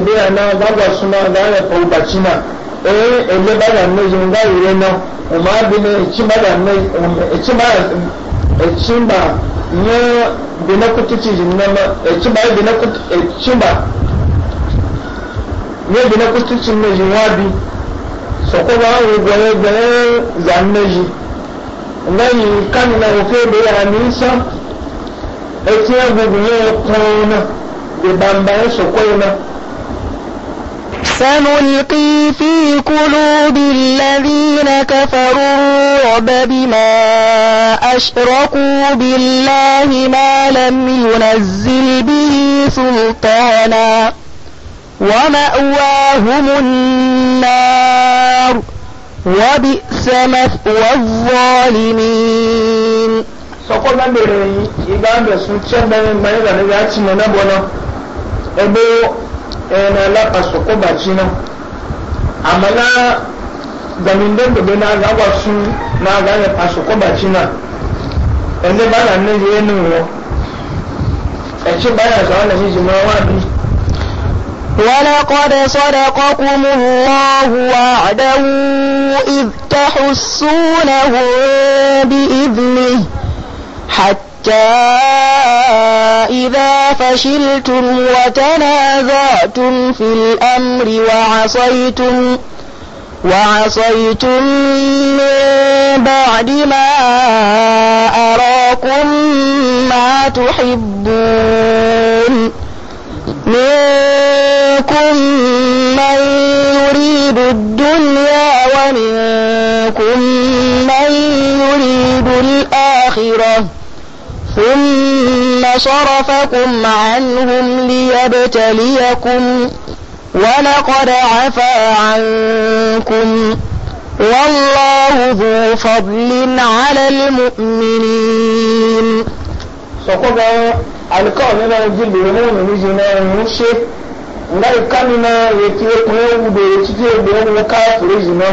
A: ɓeba na zaba su da aya ko shi na. ee eh, ele bada mmeji nga ire no ụmụ adị na echimada mmeji echimba nye binakutuchi na nnama echimba echimba nye binakutuchi mmeji nwa bi ahụ gwere gwere za na ebe ya na
B: etinye egwu nye na na سنلقي في قلوب الذين كفروا الرعب بما أشركوا بالله ما لم ينزل به سلطانا ومأواهم النار وبئس مثوى الظالمين sọkọ tí ẹgbẹrin ti
A: ti bọ náà ẹgbẹ Eh, na la paso china amala amana gamin don dobe na ga na ga ya paso ko na ba na ne ye nu wo e ba ya zawana na ji ma wa bi
B: ولقد صدقكم الله وعده إذ تحسونه بإذنه حتى حتى إذا فشلتم وتنازعتم في الأمر وعصيتم وعصيتم من بعد ما أراكم ما تحبون منكم من يريد الدنيا ومنكم من يريد الآخرة ثم صرفكم عنهم ليبتليكم ولقد عفا عنكم والله ذو فضل على المؤمنين سقوطا alikawo nínú ojú lòun ònà méjì náà ń ṣe nga ìkànnìmọ
A: ètí ẹkùn ẹwùdò ètí tí ẹgbẹ ẹwùn káàkiri jù náà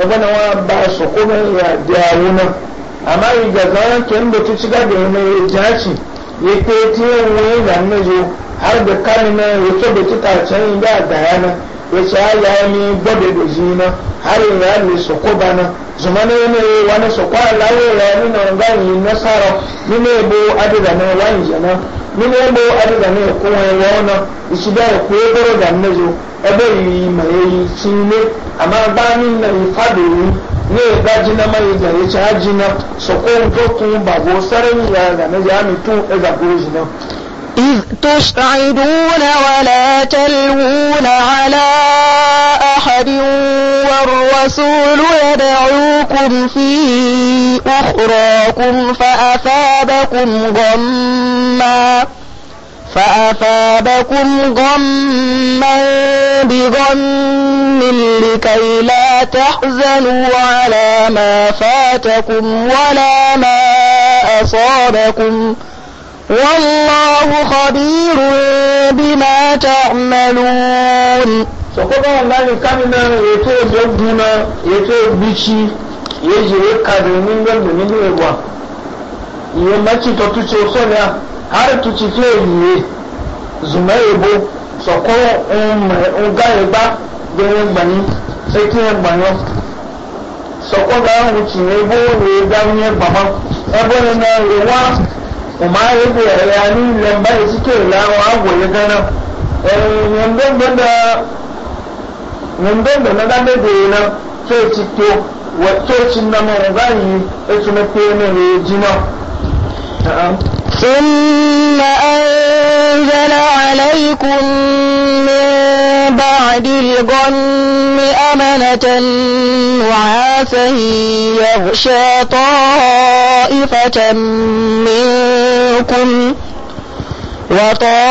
A: ẹgbẹ náà wọn bá sọkó náà yà dé àwọn náà. àmọ́ ìgbàgbọ́ kẹ́ńbẹ̀tì tí gàdé ọmọ ìjà sí ipe tí ó wọ ìgbà méje àgbẹ̀kárí náà ìtòbẹ̀tì kàtẹ́ ìgbà àgbàyá náà wace Allah ya gwada da jina har yin ya ne su kuba na zuma ne ne wani su kwa lawo ya ne na wanga yi nasara ni ne bo adida ne wani jana ni ne bo adida ne ya wana ya kuwa goro da ne ne ga na mai da ya ci haji na sakon dokun ba go sarin ya ga na ya mitu da gure shi
B: nan إذ تصعدون ولا تلوون على أحد والرسول يدعوكم في أخراكم فأثابكم غمّا فأصابكم غما بغم لكي لا تحزنوا على ما فاتكم ولا ما أصابكم والله خبير بما تعملون sọkọba ọlọrin
A: kamina ètò ìdọgbùnà
B: ya ìgbìchì yéjì
A: rẹ kàdé ya nínú ìwà ìyẹn mẹtì ba ya ó ta ní à har tuci fiye yiye zuma ebo sọkọ nga egba gbẹrẹ gbani eti egbanyo sọkọ ga nwuchi ebo na egba nye gbama ebe na na ewa ụma ebo ere ya niile mba esike ele ahụ agwụghị gana e, nyemdendo na dabebeghị na chọọchị too chọọchị nna m ọgaghị etumepe na eji na
B: ثم أنزل عليكم من بعد الغم أمنة نعاسا يغشى طائفة منكم وطائفة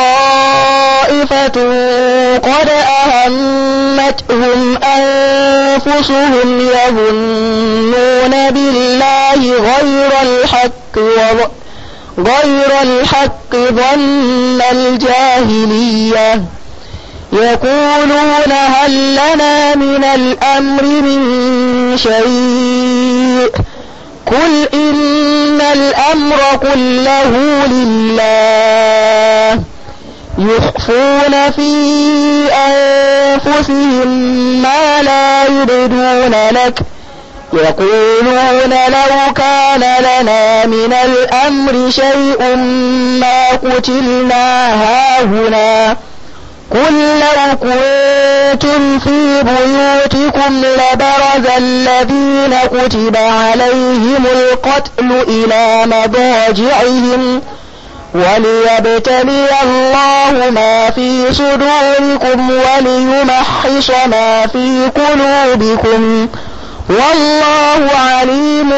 B: قد أهمتهم أنفسهم يظنون بالله غير الحق وظنون غير الحق ظن الجاهلية يقولون هل لنا من الأمر من شيء قل إن الأمر كله لله يخفون في أنفسهم ما لا يبدون لك يقولون لو كان لنا من الأمر شيء ما قتلنا هاهنا قل لو كنتم في بيوتكم لبرز الذين كتب عليهم القتل إلى مضاجعهم وليبتلي الله ما في صدوركم وليمحص ما في قلوبكم ۖ والله عليم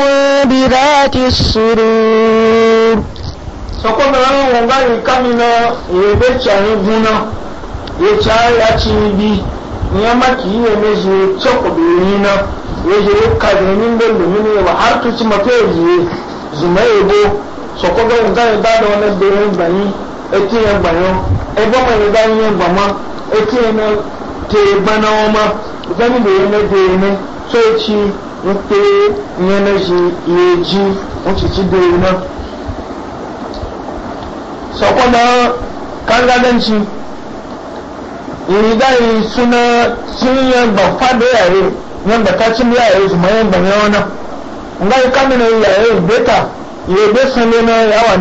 B: بذات الصدور sọkọ́ mẹ́rin wọn bá
A: yìí kámínà èébé tsàní gúnná yẹtsà ya ibi nyama kìí yẹ méjì tsọkọ̀bì yìí ná yẹjẹ yẹ kàdé ní bẹ lómi ní wà á tó tí ma fẹ́ yìí zùmẹ́ yìí bó sọkọ́ bẹ́ẹ̀ nǹkan yìí bá dọ̀ ọ́nà bẹ́ẹ̀ gbà yín etí yẹn gbà yọ ẹgbẹ́ wọn yìí bá yín gbà má etí yẹn wọn má fechi nke nyemeji na-eji nchichi dị elu sọkwa na kangadanci irigayi suna sun yamba fada yare yamba ta cin yare su ma yamba ne wana ngai kamina na yawa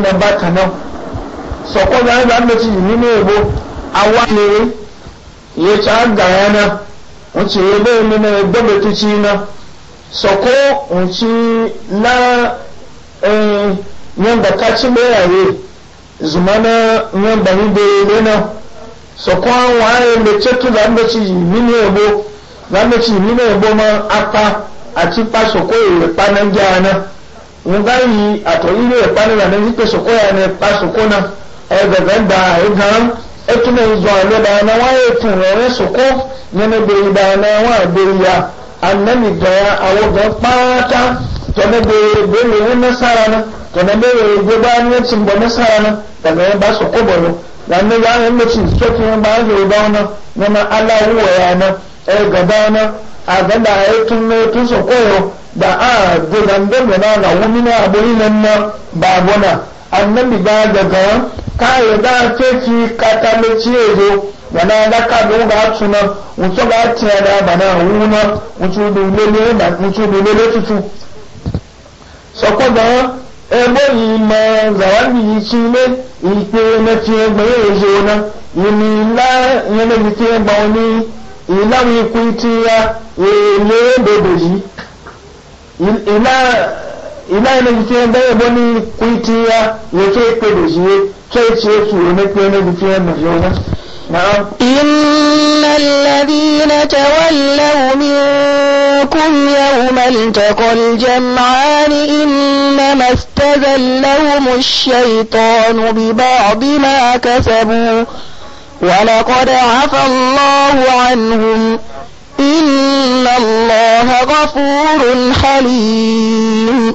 A: na bata sọkwa na awa ya ŋutsu yi ebe mi na egbe betutsi na sɔkò ŋutsu la ee ya zuma na nyɔnba mi be na soko awon ayi le tsetu la nbɛtsi yi mi na yi ma apa ati pa sɔkò kpa na dza na ŋuga yi atɔ na la soko ya na pa na ɛgbɛgbɛ gba ekina izwan ne da na waye tun ne su ko ne ne be da na wa be ya annabi ga ya awo ga pata to ne be be ne ne sara na to ne be be ba ne cin ba ne sara na da ne ba su ko bolo dan ne ga ne cin so ki ba ne ba na ne ma Allah wa ya na e ga ba na a da ya e ne tun su ko da a ga dan na na wumi na aburi nan na ba bona annabi ba gawa ka yi da ce ki katalici ya zo yana da ka ga ga tuna wuce ga tiya da bana wuna wuce dole na wuce dole tutu sako da ebo yi ma zawani yi ci ne ipe na ti egbe ya zo na yini la yana bi ti egba oni ilawi ku ti ya ele dodo yi ila ila na bikin da ya bani kuiti ya yake ke da
B: shi kai ce su ne ke na bikin إن الذين تولوا منكم يوم التقى الجمعان إنما استذلهم الشيطان ببعض ما كسبوا ولقد عفى الله عنهم إن الله غفور حليم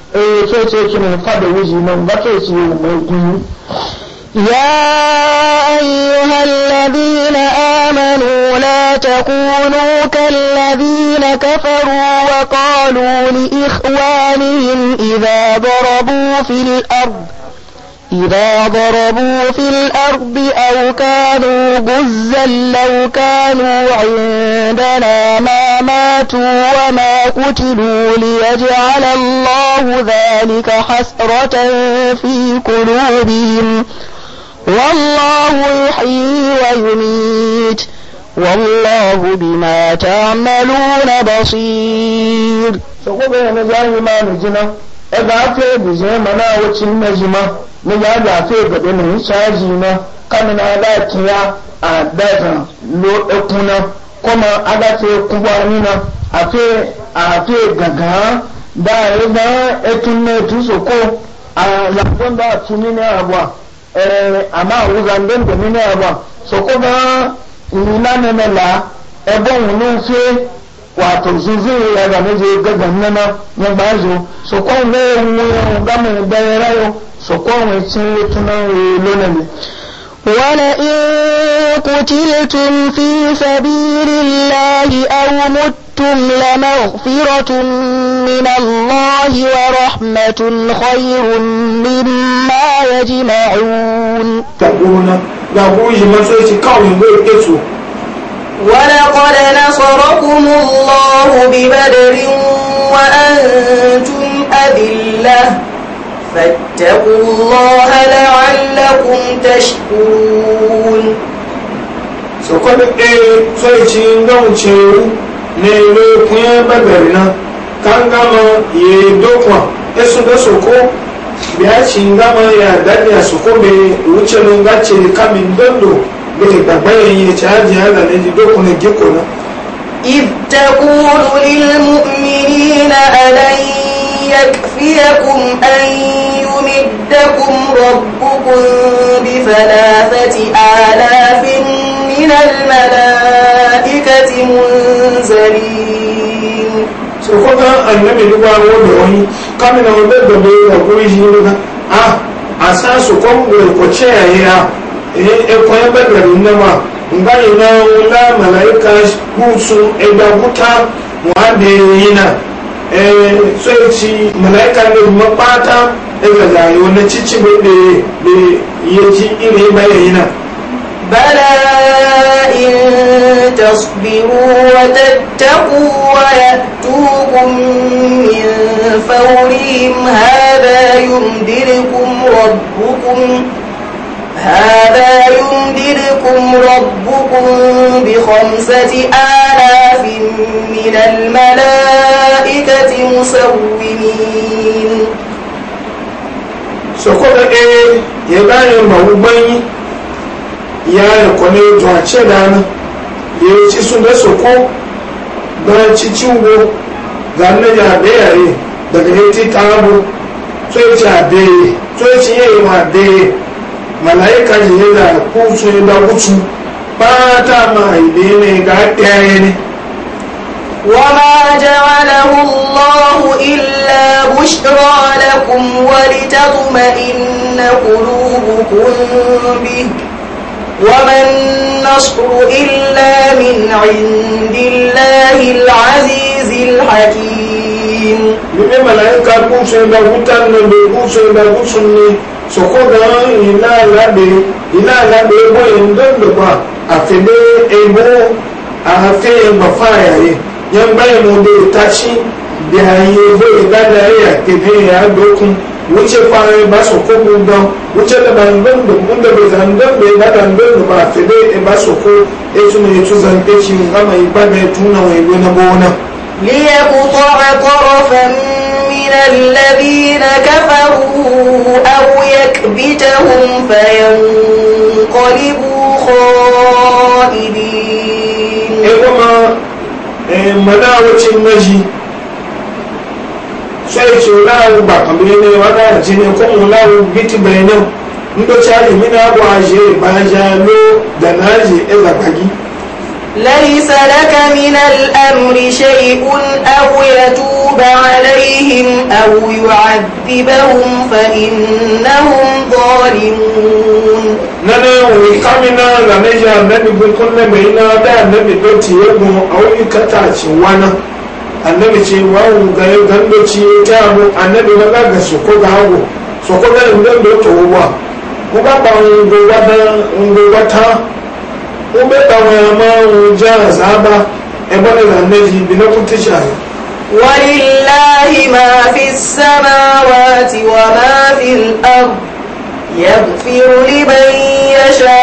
B: إيه، يا أيها الذين آمنوا لا تكونوا كالذين كفروا وقالوا لإخوانهم إذا ضربوا في الأرض إذا ضربوا في الأرض أو كانوا جزا لو كانوا عندنا ما ماتوا وما قتلوا ليجعل الله ذلك حسرة في قلوبهم والله يحيي ويميت والله بما تعملون بصير.
A: ما نجنا إذا أتى na ya gafe ga ɗinin caji na kanina alakiya a dazan lokuna kuma agafe kuwa nina a fe gaga da ya ga etun na etu soko a lambon da tu nini abuwa a don da nini abuwa soko ga nila na nala ebon wulun fe wato zuzu ya na je
B: soko ne سكون ويتسن لتنا ويلونني ولئن قتلتم في سبيل الله أو متم لمغفرة من الله ورحمة خير مما يجمعون
C: ولقد نصركم الله ببدر وأنتم أذلة فاتقوا الله لعلكم تشكرون
A: sokɔbi ee soitsi ŋdɔntsewu ne le kunyɛ bɛbɛri na kangama ye dokwa esunde soko biatsi ŋdama ye adadi asoko be wutsɛnu ŋgatse kami ŋdondo be gbagba ye ye tsa adi ala ne di dokuna giko na.
C: إذ تقول للمؤمنين ألن يكفيكم أن يمدكم ربكم بثلاثة آلاف من الملائكة منزلين سوف النبي لقوا
A: ودعوني كان لو بدأ بيقول جيبك ah a sa su ko ce ya yi ha e kwaya bagari na ma nga ina wula malaika kusu egbaguta mu ha da yi na tsoci eh, malaika ne kuma fata daga eh, zai wani cici mai da ya ji iri mai yi nan
C: bala in tasbiru wa tattaku wa yatukum min faurihim hada yumdirikum rabbukum hada yumdirikum يمددكم ربكم بخمسة آلاف من الملائكة soko
A: sokoda ɗaya ya gane mahubban ya yi kwane tuwace da ni ya yi ci sun da soko don ci ciwo ga na ya yayi daga ya ti tabo tsoye a beye ma malaika ji da kusu da kusu fata mai وما جعله
C: الله إلا بشرى لكم ولتطمئن قلوبكم به وما النصر إلا من عند الله العزيز الحكيم hakim mime malaika kusu ba hutan na be kusu da kusun ne so ko ga ina la
A: be ina la be bo don do ba a fe be e bo a fe e ba fa ya ye yan ba e mo de tachi bi ha ye bo e da na ya ke be ya do wuce fara ba so ko mu don wuce da ban don do mun da be zan don be na dan don do ba fe be e ba so ko e su ne tu zan ke shi ngama i ba be tu na we na bo na
C: ليقطع طرفا من الذين كفروا أو يكبتهم فينقلبوا خائبين إنما مناوة النجي sai
A: ce lawo ba kamar ne wada ji ne ko mu lawo biti bayanan ndo chali mina wa je ba jalo da naje e zabagi
C: ليس لك من الأمر شيء أو يتوب عليهم أو يعذبهم فإنهم ظالمون
A: nana wuli kamina la ne ya nabi bi ko ne mai na da nabi do ti yego au ikata ci wana annabi ce wa wu ga yo dan do ci ta ko ko do ta ko bai ɗawa ma jihar saba ya bada zanen jibi na kuta shayi
C: walillahi ma fi samawati wa ma fi al'ab yaghfiru liman yasha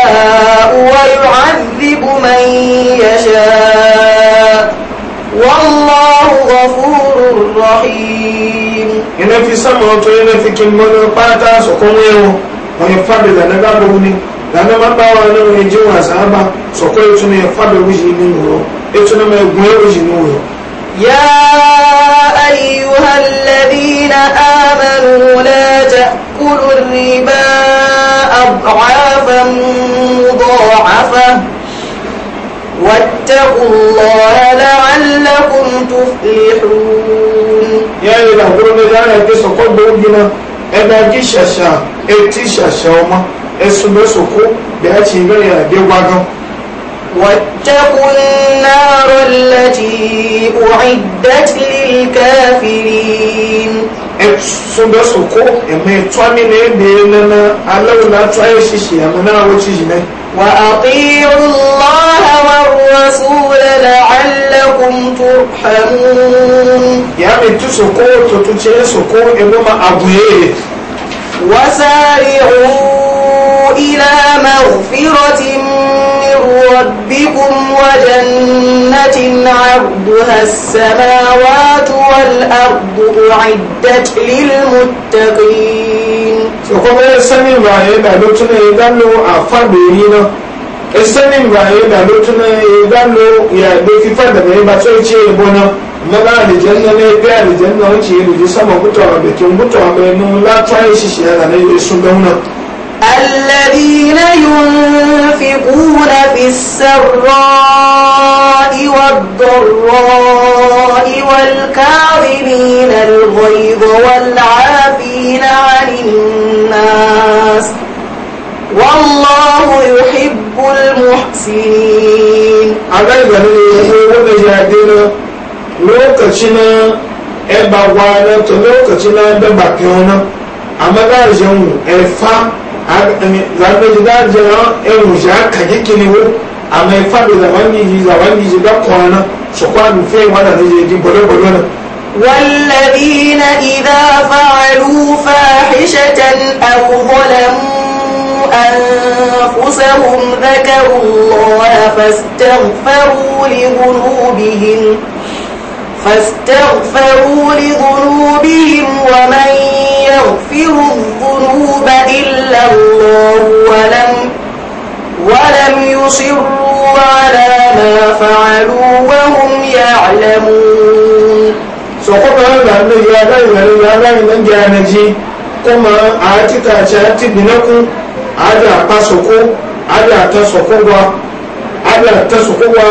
C: wa yu'adhibu man yasha wallahu ghafurur rahim
A: ina fi samawati ina fi kin mana so ko mu yo wani fadila na gabo ne gana mabawa na mai jin wasa ba so ko ya tuna ya fada wuji ni wuro ya tuna mai gwe wuji ni wuro
C: ya ayyuhal ladina amanu la ta'kulu riba adhafan واتقوا الله لعلكم تفلحون يا إلهي قولنا
A: لا يجب أن تكون بوجنا إذا جي شاشا إتي شاشا وما esu bɛ soko bɛɛ ti bɛ yɛrɛ de wa gan.
C: واتقوا النار التي أعدت للكافرين
A: sọgbẹ́ sọ̀kọ́ ẹ̀mẹ́ ìtọ́ni ní ẹ̀mẹ́ nana aláwòlá tó ayé ṣiṣẹ́ àmì náà wọ́n ti yìí náà. wà á fi
C: ọlọ́ha wà rọ́ṣúlẹ̀ làálẹ̀kùn tó hàmún. ìyá mi tún إلى مغفرة من ربكم وجنة عرضها السماوات والأرض أعدت للمتقين سوكما يسمي الله يدعوتنا
A: يدعو أفضلين يسمي الله يدعوتنا يدعو يدعو في فضل يبطل شيء بنا na ba da janna ne ga da janna wuce ya sama mutuwa da kin mutuwa mai nun la ta yi shi shi yana ne sun gauna
C: الذين ينفقون في السراء والضراء والكاظمين الغيظ والعافين عن الناس والله يحب المحسنين هو لو أغيب أنه ومجادنا لوكتنا أبوانا
A: ابا كيونا أما غير جون أفا zanbe jiga jana irin shi haka yake ne wo amma ya faɗi zaman giji zaman giji da kwana su kwanu fe mana da je jin bolo bolo na
C: والذين إذا فعلوا فاحشة أو ظلموا أنفسهم ذكروا الله فاستغفروا لذنوبهم فاستغفروا لذنوبهم ومن يغفر الذنوب إلا الله ولم ولم يصروا على ما فعلوا وهم يعلمون سقطنا بأنه يا غير
A: يا غير a جانجي كما عاتتا شاتي بنكم ada akpa soko ada ata soko gwa ada ata soko gwa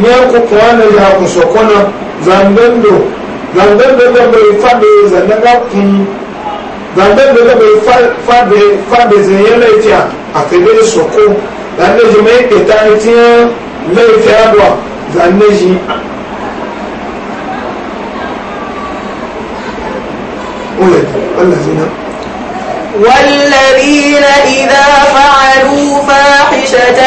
A: nye nkukwu ana ya akụ soko na zandendo zandendo gbagbe ifabe zandaga kun gbàgbé gbogbo fábèsì yẹn lẹ́tì àtẹ̀lé sọ̀kó lànàjì mẹ́rin kẹta tí wọ́n lẹ́tì àdùà lànàjì.
C: والذين إذا فعلوا فاحشة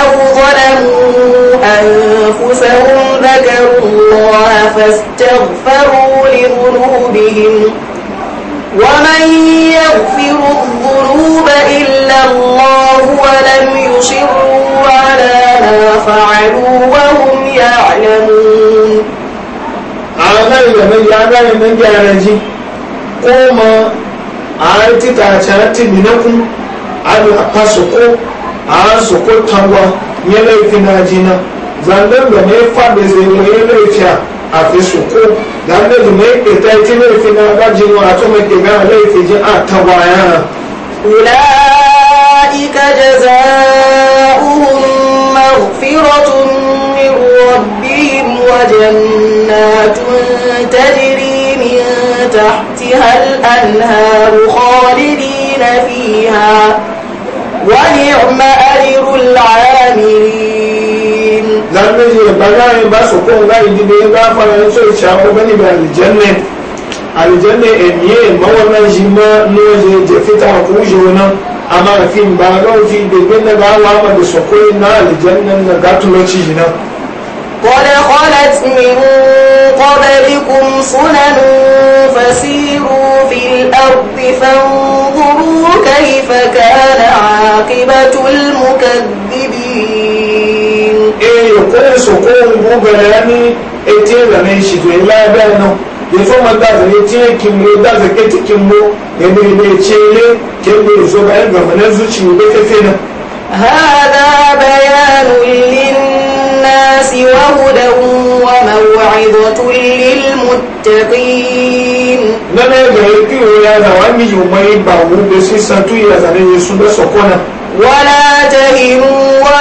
C: أو ظلموا أنفسهم ذكروا الله فاستغفروا لذنوبهم ومن يغفر الذنوب إلا الله ولم يصروا على ما فعلوا وهم يعلمون عمل من يعمل من يعرجي
A: قوم àti tààtààtì nínàkú na àásòkó tàwa yẹlẹ́ ìfinàjìnà zandẹ́gbẹ̀mẹ́ fàbẹ̀zẹ̀ ìwọ̀n yẹlẹ́ ìfìà àfi sùkú dábìlì mọ ìpètà etí lè fi náà bá jí wọn àtúmọ̀ ìgbà lè fi jí àtàwọn àyà.
C: أولئك جزاؤهم مغفرة من ربهم وجنات تجري من تحتها الأنهار خالدين فيها ونعم أجر العاملين zanne je bagaye
A: ba su ko ga idi be ga fara ne so cha ko bani ba aljanna aljanna e miye mawannan shi ma no je je fita ku je amma fin ba ga fi de ben da ga wa ma da so ko na aljanna na ga tulo ci na
C: قد خلت من قبلكم سنن فسيروا في الأرض فانظروا كيف كان عاقبة المكذبين wani soko gugu yani eti zane shi to ila ya nan ya so ma da zane ti kimbo
A: da zake ti kimbo ya ne ne ce ne kimbo so ga ga mana zuci ba kafe na
C: hada bayan linnas wa hudan wa maw'izatun lil muttaqin na ne
A: ga yake ya da wani yumai ba mu be sai santu ya zane ne sun sokona
C: wala tahimu wa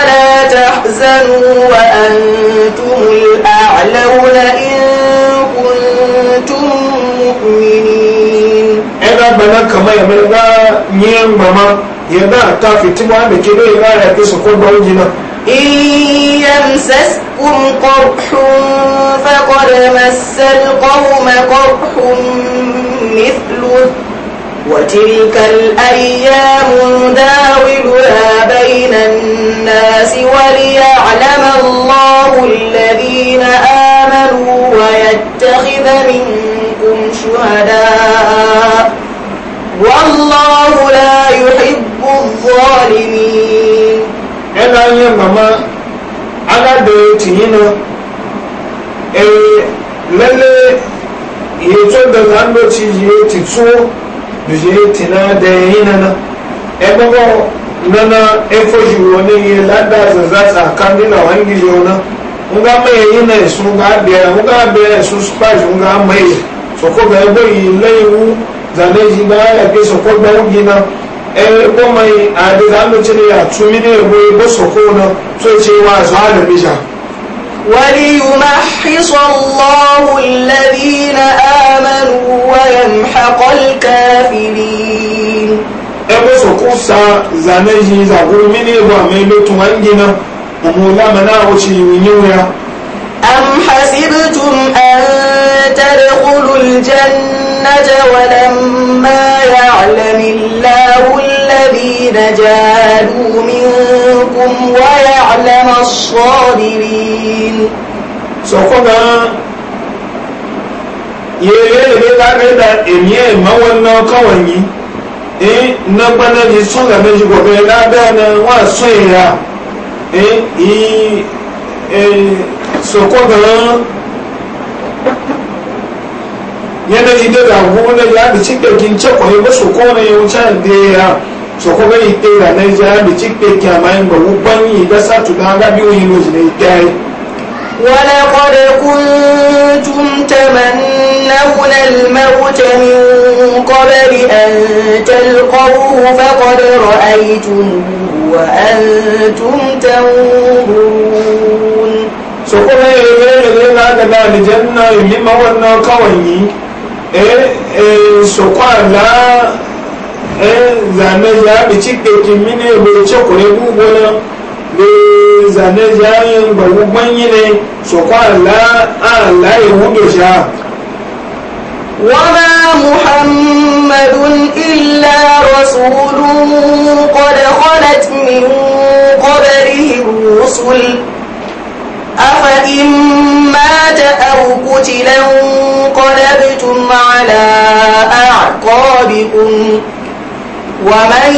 C: تحزنوا وأنتم الأعلون إن كنتم مؤمنين
A: أنا بنا كما يمنا نيم ماما ينا تافي تما بكيلو ينا يكي سكون بوجينا
C: إن يمسسكم قرح فقد مس القوم قرح مثله وتلك الأيام نداولها بين الناس وليعلم الله الذين آمنوا ويتخذ منكم شهداء والله لا يحب الظالمين أنا يا ماما أنا هنا
A: إيه للي يتوب بيتي يتسوه dùjẹ́ tìǹà dẹ̀ yín nana ẹgbẹ́gbọ́ nana ẹfọ́jú wọn ní iye ládàá zazata kandila wọn ní iye ọ̀nà wọn gá mẹ́yẹ yín náà ẹ̀sùn gá bẹ̀rẹ̀ wọn gá bẹ̀rẹ̀ ẹ̀sùn soko wọn ebo yi sọ̀kọ́ bẹ̀rẹ̀ bó yìí lẹ́yìn wú zànẹ́jì soko ẹgbẹ́ sọ̀kọ́ na ebo náà ẹgbẹ́ mọ̀ yìí àdéhà ló ti ní àtúmí soko na sọ̀kọ́ náà tó ti wá
C: وليمحص الله الذين آمنوا ويمحق الكافرين
A: ebo so kusa zane za guru ne ba mai lotun wangina umula mana wuce yiwuya
C: am hasibtum an tadkhulu aljannata wa lam ma ya'lam illahu alladhina jahadu minkum wa ya'lam as-sabirin sọ̀kọ́ gan yẹ̀yẹ́ da èmi
A: ẹ̀ máwọn ná yi yìí e, ẹ̀ nàgbọ́nà ni sún gàmé ju kọ̀ọ̀kan yẹn lábẹ́ ọ̀nà wọn sún ìyá ẹ̀ ẹ̀ sọ̀kọ́ gan yẹn yìí dé ra wọ́n náà yà á bìtí pé kí n tẹ́kọ̀ọ́ yẹn bó sọ̀kọ́ náà yẹn wọ́n ṣáà dé ya sọ̀kọ́ bẹ́ẹ̀ yìí dé ra náà yà á bìtí pé kí àmà yẹn gbọ̀ wọ́n gbọ́n yìí bẹ́ẹ̀ sàtúndà ágá bí wọ́n yi lọ́sìn
C: ولقد كنتم تمنون الموت من قبل أن تلقوه فقد رأيتم وأنتم تنظرون so kuma e, e,
A: e, ya yi ne na da na aljanna lima wannan kawai eh eh so kwala eh bi bai ce kure zane yayin gbogbo gbanyi ne so kwa ala yahudu sha
C: وما محمد إلا رسول قد خلت من قبله الرسل أفإن مات أو قتل انقلبتم على أعقابكم ومن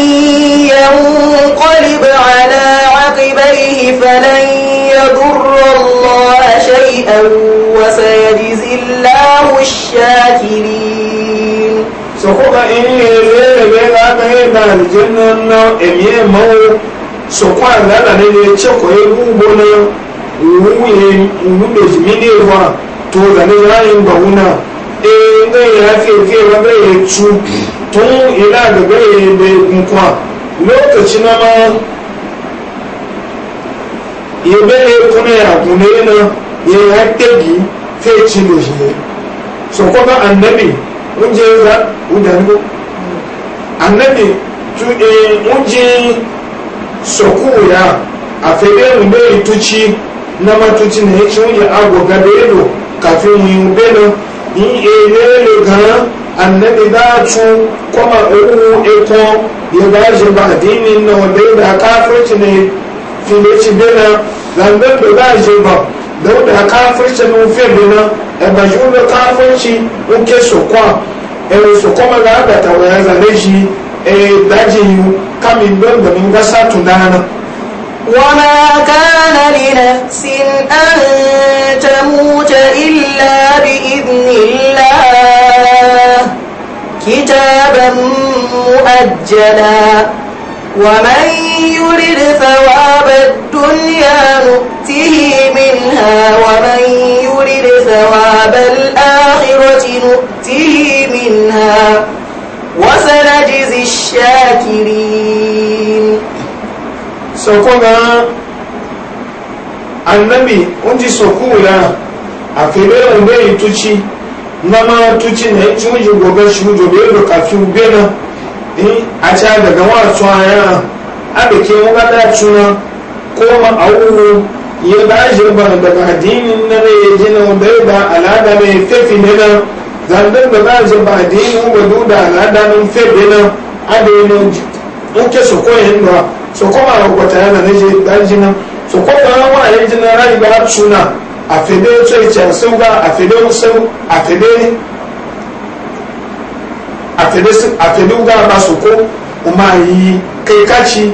C: ينقلب على عقبيه فلن يضر الله شيئا وسيجزي الله الشاكرين so kuka in yere be ga ga da aljanna no emiye mawo
A: so kwa rana ne ne ce ko e gubo ne wuye mu mini wa to da ne ya yi ba una e ga ya ke ba be tu tun ila ga be da nkwa lokaci na ma yebe ekuna ya gune na ya hakke gi fe ci lo je so ko ba annabi unje za udango annabi tu e unje soku ya afebe mbe ituchi na matuchi na echi unje agwo gabelo kafe mu ubeno ni elele gan annabi da tu kuma uwu e, ekon ya gaje ba dinin na wanda da kafirci ne tìlẹ́tì bẹ́nà làǹdọ́dọ̀ bá ìjọba lọ́wọ́dà káfíńsì ní òfin bẹ́nà ẹ̀bàjú lọ káfíńsì ó ké sọ̀kọ́ ẹ̀rọ sọ̀kọ́ máa gà àgbàtà wọ̀ ẹ̀rọ lẹ́jì ẹ̀ẹ́dájì yìí kámi gbọ́ngàn ní gásà tún
C: dáná. وما كان لنفس أن تموت إلا بإذن الله كتابا مؤجلا ومن يرد ثواب الدنيا نؤته منها ومن يرد ثواب الآخرة نؤته منها وسنجزي الشاكرين سوكونا
A: annabi unji sokula a kebera mbe ituchi nama tuchi na ichi unji gobe shi ujo bebe kafin bena di eh, a ca daga wa tsuwa a da ke wukata tsuna ko ma a wuru ya ba shi ba daga addinin na rai ya jina wanda ya ba alada mai fefi ne na zandar da ba shi ba addinin wanda duda alada mai fefi na a da yi nan oke su ko yin ba su ko ma a wata yana na je ba jina su ko ma wa yin jina rai ba tsuna a fede tsoyi can ba a fede musau a àfẹnugá bá sòkó o máa yi kékachi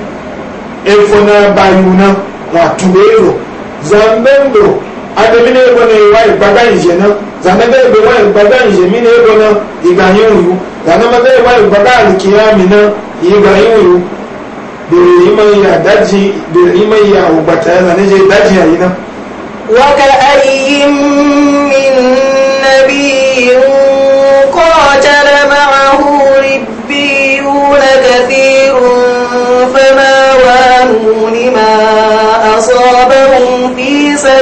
A: efona bayuna wọn àtúwé rò zambendo ademine ebo na iwa ìgbàgbà ìjẹ náà zanebe ebe wa ìgbàgbà ìjẹ mi na ebo náà ìgbà yín òyò zanebe wa ìgbàgbà àlìkìyà mi náà ìgbà yín òyò bèrè yìí máa yà dájì bèrè yìí máa yà ògbàtà ẹ̀ a dájì àyíná.
C: wákà ayé mi min yìí.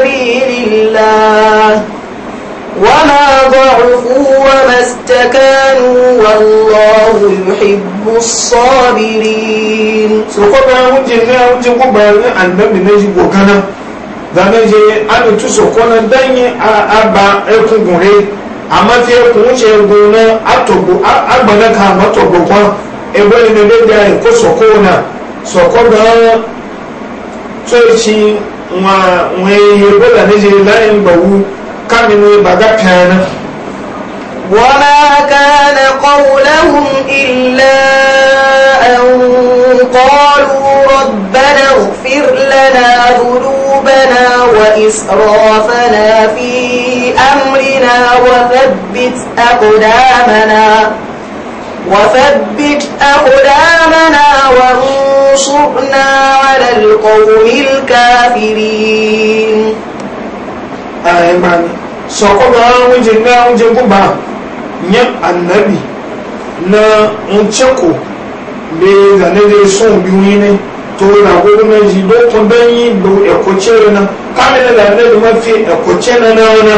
C: سبيل الله
B: وما ضعفوا
C: وما استكانوا والله يحب الصابرين سوكوبا وجهنا
A: وجهكوبا النبي نجي وكنا zane je anu tu a danyi aba ekun re amma fi ekun ce gona atogbo agbana ka ma togbo kwa ebo ne ne da ko sokona sokona so ci
C: وما كان قولهم إلا أن قالوا ربنا اغفر لنا ذنوبنا وإسرافنا في أمرنا وثبت أقدامنا وثبت أقدامنا وانصرنا ينصرنا على القوم الكافرين ayi mani guba nye anabi
A: na ŋutsɛko le zane de sɔn bi ne to na na yi do kun bɛ yi do ɛkɔtsɛ na k'ale ne la ne de ma fi ɛkɔtsɛ na na na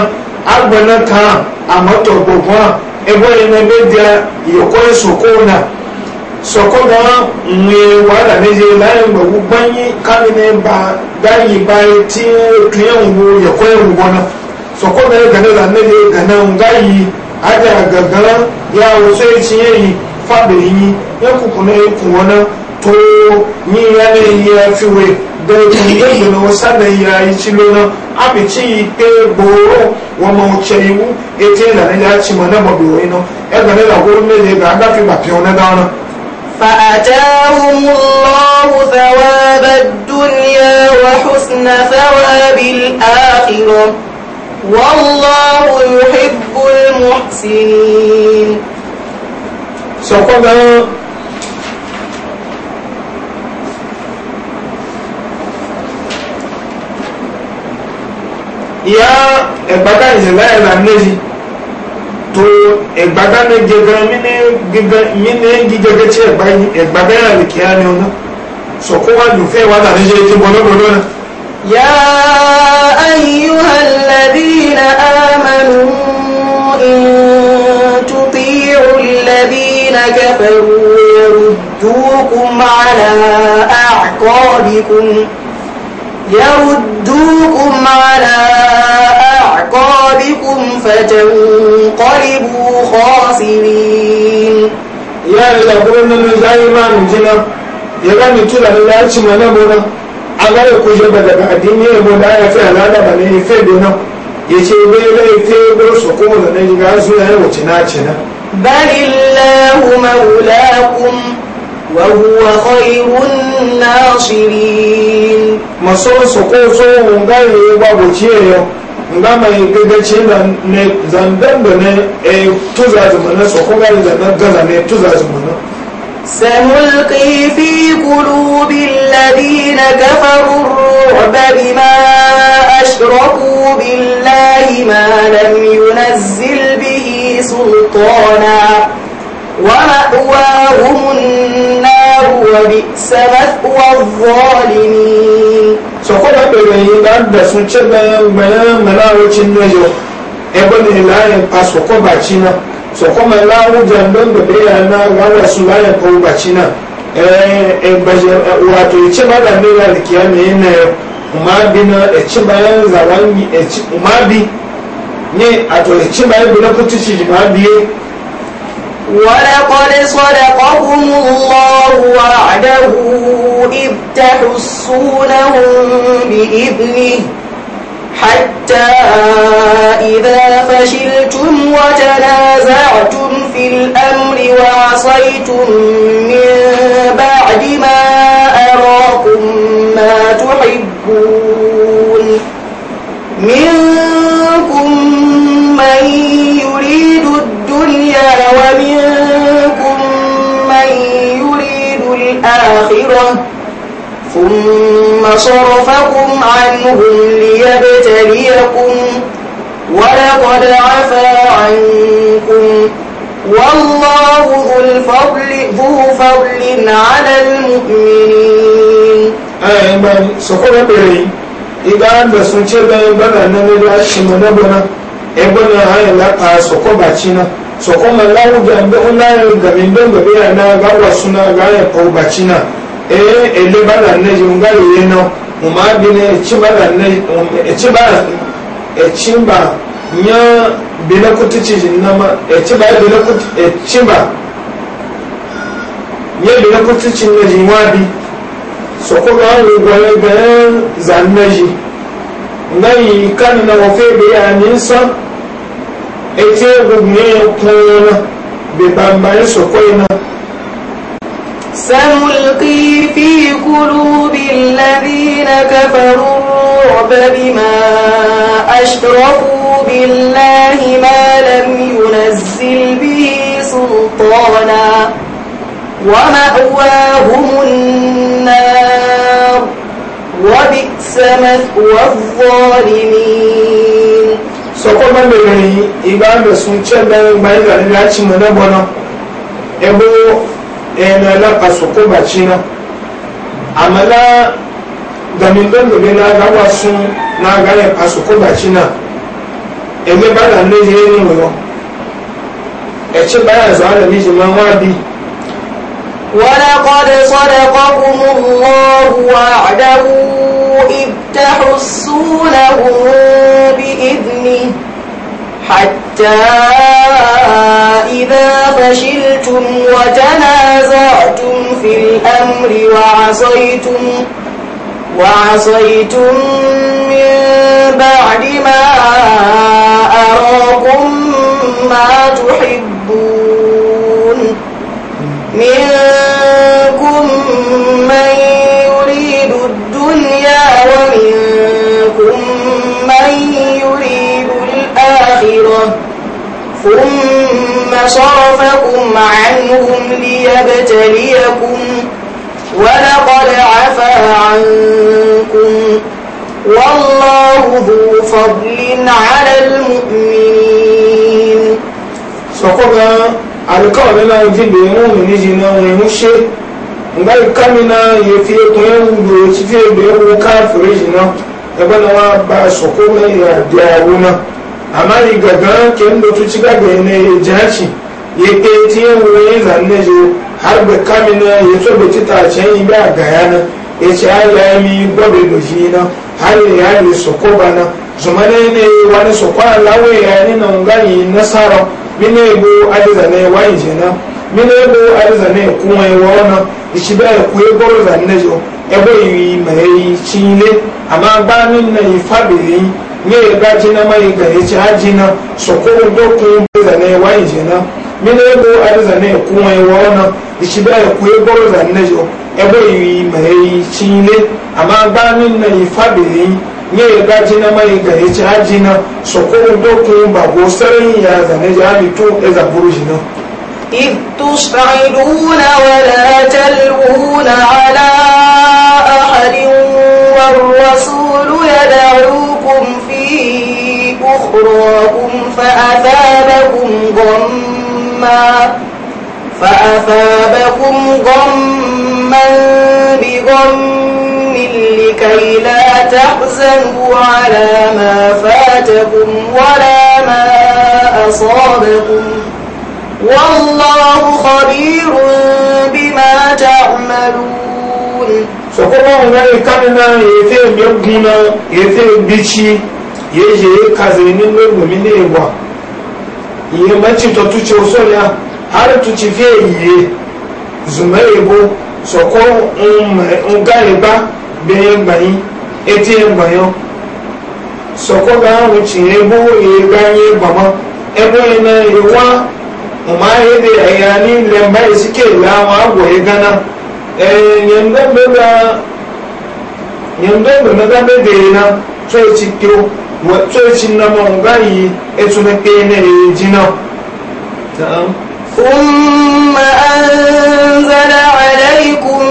A: kan bɛ sọ̀kọ́ gan ńwẹ̀ wàhálà méje láyé gbogbo gbáyé kárí ní ba báyìí báyìí tí tún yẹn wò yẹ̀kọ́ yẹn wò gbọ́nà sọ̀kọ́ gan gànà là méje gànà ńgá yìí àjà gàgàrà yà wò sọ èyí yi yìí fàbẹ̀ yìí yẹn kùkù náà yẹn kù wọ́nà tó yín yẹn lè yẹ fi wẹ̀ bẹ́ẹ̀ kùn yẹn gbẹ̀nà wọ́n sábẹ̀ yà yìí ti lónà àbìtí yìí pé gbòòrò wọ́n mọ̀ ọ̀kyẹ́ yìí wú etí la yà á ti fi bàtẹ́ wọn náà
C: فأتاهم الله ثواب الدنيا وحسن ثواب الآخرة والله يحب المحسنين سقطا
A: يا إبقى إزلاء الأمنجي egbada ne gege mine gege mine gigege tse egba yi egbada ya le kia ne ona soko wa nufe wa da ne je je bolo bolo na.
C: ya ayyuha alladhina amanu in tuti'u alladhina kafaru yaruddukum ala a'qabikum yaruddukum ala رقابكم فتنقلبوا خاسرين يا لقرن دائما جنا يا غني كلا لا تشمنا
A: بنا على كوجه بدل الدين يا بنا يا في هذا بني في بنا yace bai laifin gursu kuma da nan ga su yayin wuce na ce na
C: balillahu maulakum wa huwa khairun nasirin maso su ko so yau سنلقي في قلوب الذين كفروا الرعب بما أشركوا بالله ما لم ينزل به سلطانا ومأواهم النار وبئس مثوى الظالمين sọ̀kọ́dà bẹ̀rẹ̀
A: yìí bá dẹ̀sùn tí gbẹ̀yẹn mẹ́láwó tí ní yọ ẹgbẹ́ ní láyẹn pa sọ̀kọ́ bàtí náà sọ̀kọ́ mẹ́láwó jẹ́ ndóńgbẹ̀bẹ̀ yà ná wà lẹ́sùn láyẹn pa owó bàtí náà ẹgbẹ̀yẹ wàtò ìtsẹ́
C: bi ma ولقد صدقكم الله وعده إذ تحصونهم بإذنه حتى إذا فشلتم وتنازعتم في الأمر وعصيتم من بعد ما أراكم ما تحبون ثُمَّ صَرَفَكُمْ عَنْهُمْ لِيَبْتَلِيَكُمْ وَلَقَدْ عَفَا عَنْكُمْ وَاللَّهُ ذُو الْفَضْلِ ذُو فَضْلٍ عَلَى الْمُؤْمِنِينَ أي من سكون بري إذا أنت سنشي بين بنا نمير أشم
A: نبنا إبنا هاي لقى سكون باتشنا سكون من لا وجه أنه لا يغمين بين بنا غاوة سنة غاية أو باتشنا Eh, elebala ne um, nga yeno mumabine ekimba nya binakuti kinama ekiba binakuti ekimba nya binakuti kinaji mwabi soko gawe gawe be zanaji nayi kan na wofe be anisa etie gumne kona be bamba soko ina
C: سنلقي في قلوب الذين كفروا الرعب بما أشرفوا بالله ما لم ينزل به سلطانا ومأواهم النار وبئس مثوى الظالمين
A: سوكو من بيني إبان ìgbà bẹ̀sùn بيني bẹ̀rẹ̀ gbàyẹ̀gbà nílẹ̀ àti ena eh, la paso ko bacina amala gamin don dobe na ga wasu na ga ya paso ko bacina eme bada ne je ni wo eche baya za ala mi jima wa bi
C: ولقد صدقكم الله وعده إذ bi بإذنه حتى إذا فشلتم وتنازعتم في الأمر وعصيتم وعصيتم من بعد ما أراكم ما تحبون من ثم صرفكم عنهم ليبتليكم ولقد عفا عنكم والله ذو فضل على المؤمنين سقطنا
A: alkawari na fi da yin wani niji na wani mushe ngai kamina ya fi kun yin wudo ci fi da yin wuka fure jina ya bana wa ba soko mai ya diyaru na amma ni gagan kyan da tuci ga ga ne jaci ya ke tiye wani zanne zo har da kamina ya so da cita can yi ba ga yana ya ce an yi mi gobe da shi na har ya yi soko ba na zuma ne ne wani soko a lawe ya ni na ngani nasara mine bu ali zanne wani je na mine bu ali zanne kuma wani ishi ba ya kuye goro zanne yi mai cile amma ba na yi fabirin ye ga jina mai ga ya ci haji na so ko do ku be da ne wa je na mi ne go ari za ne ku mai wa na di shi da ku ye goro za ne jo e bo yi mai ci ne amma ba min na yi fa be yi ye ga jina mai ga ya ci haji na so ko do ku ba go sarin ya za ne ja mi to e za buru shi na إذ
C: تصعدون ولا تلوون على أحد والرسول أخراكم فأثابكم غما فأثابكم غما بغم لكي لا تحزنوا على ما فاتكم ولا ما أصابكم والله خبير بما تعملون سكوما هنا
A: يكمنا يتين يبنى يتين بيشي yeje ya kaze ni ne gumi ne wa iye mace ta tuce wasu ya har tuce fiye iye zuma ebo sọkọ um, nga eba bẹẹ gbanyin eti gbanyin sọkọ gaa ahụ tinye ebo iye gbanyin gbama ebo yi na ewa ọma ahịa dị ya niile mba esike ele ahụ agwọ ya gana ee nyemdembe na nyemdembe na gabe dị na chọọchị kyo wa tso chin na mo nga yi e tso me pe ne ni ji na ta
C: umma anzala alaykum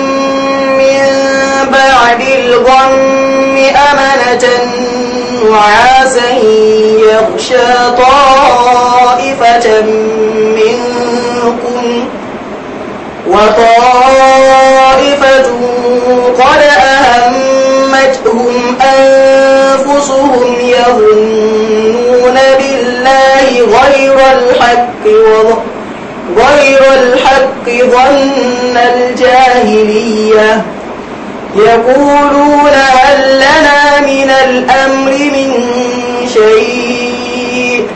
C: min ba'di al-ghamm amanatan wa asan yakhsha ta'ifatan يظنون بالله غير الحق غير الحق ظن الجاهلية يقولون هل لنا من الأمر من شيء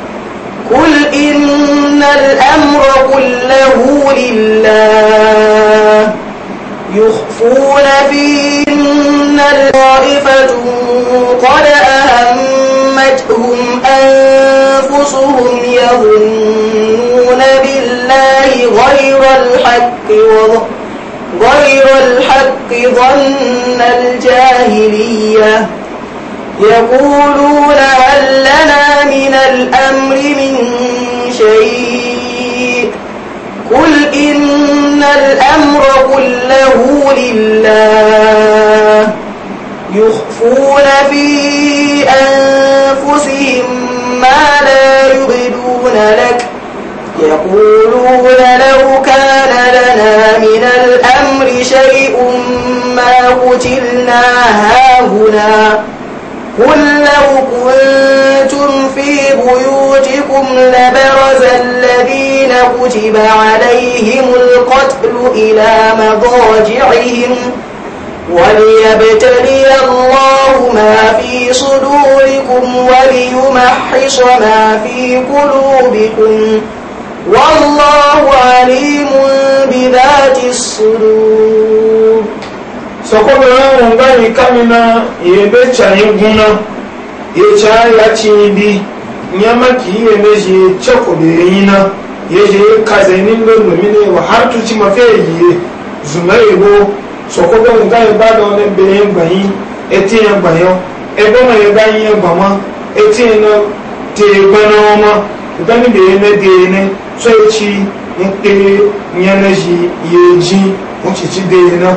C: قل إن الأمر كله لله يخفون في إن الطائفة قد أهم غلبتهم أنفسهم يظنون بالله غير الحق غير الحق ظن الجاهلية يقولون هل لنا من الأمر من شيء قل إن الأمر كله لله يخفون في أن أنفسهم ما لا يبدون لك يقولون لو كان لنا من الأمر شيء ما قتلنا هاهنا قل لو كنتم في بيوتكم لبرز الذين كتب عليهم القتل إلى مضاجعهم وليبتلي الله ما في صدوركم وليمحص ما في قلوبكم والله عليم بذات الصدور sọkọ́bẹ̀rẹ̀ ọ̀hún báyìí
A: kámínà ìrẹ̀bẹ̀ ya gúnná yẹ̀chà yàtì ibi nyamaki yẹ̀mẹ̀jì chẹ́kọ̀dẹ̀ yìnyínà yẹ̀jẹ̀ kazẹ̀ nílò lòmìnira wà hàtútì mafẹ́ yìí zùmẹ̀ ìwò sọ̀kọ́gbọ́n nǹkan ìbàdàn ní bẹ̀rẹ̀ gbàyìn etí yẹn gbàyàn ẹgbẹ́ náà yẹn gbàyìn yẹn gbà mọ́ etí yẹn náà ti gbẹ́ náà wọ́n mọ́ ìgbà níbi yẹn náà di yẹn tó etí ń pè yẹn náà yí yẹn jí wọ́n ti ti di yẹn náà.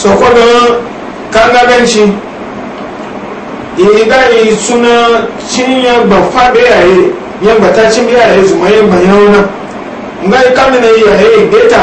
A: sọ̀kọ́gbọ́n kangabenci yi suna súná tí yẹn gbà fábẹ́yà yẹn yẹn gbà tá tí yẹn gbà yẹn zùmọ̀ yẹn gbà na wọn náà nǹkan ìkàmìnà yẹn yẹn gbẹ́ta.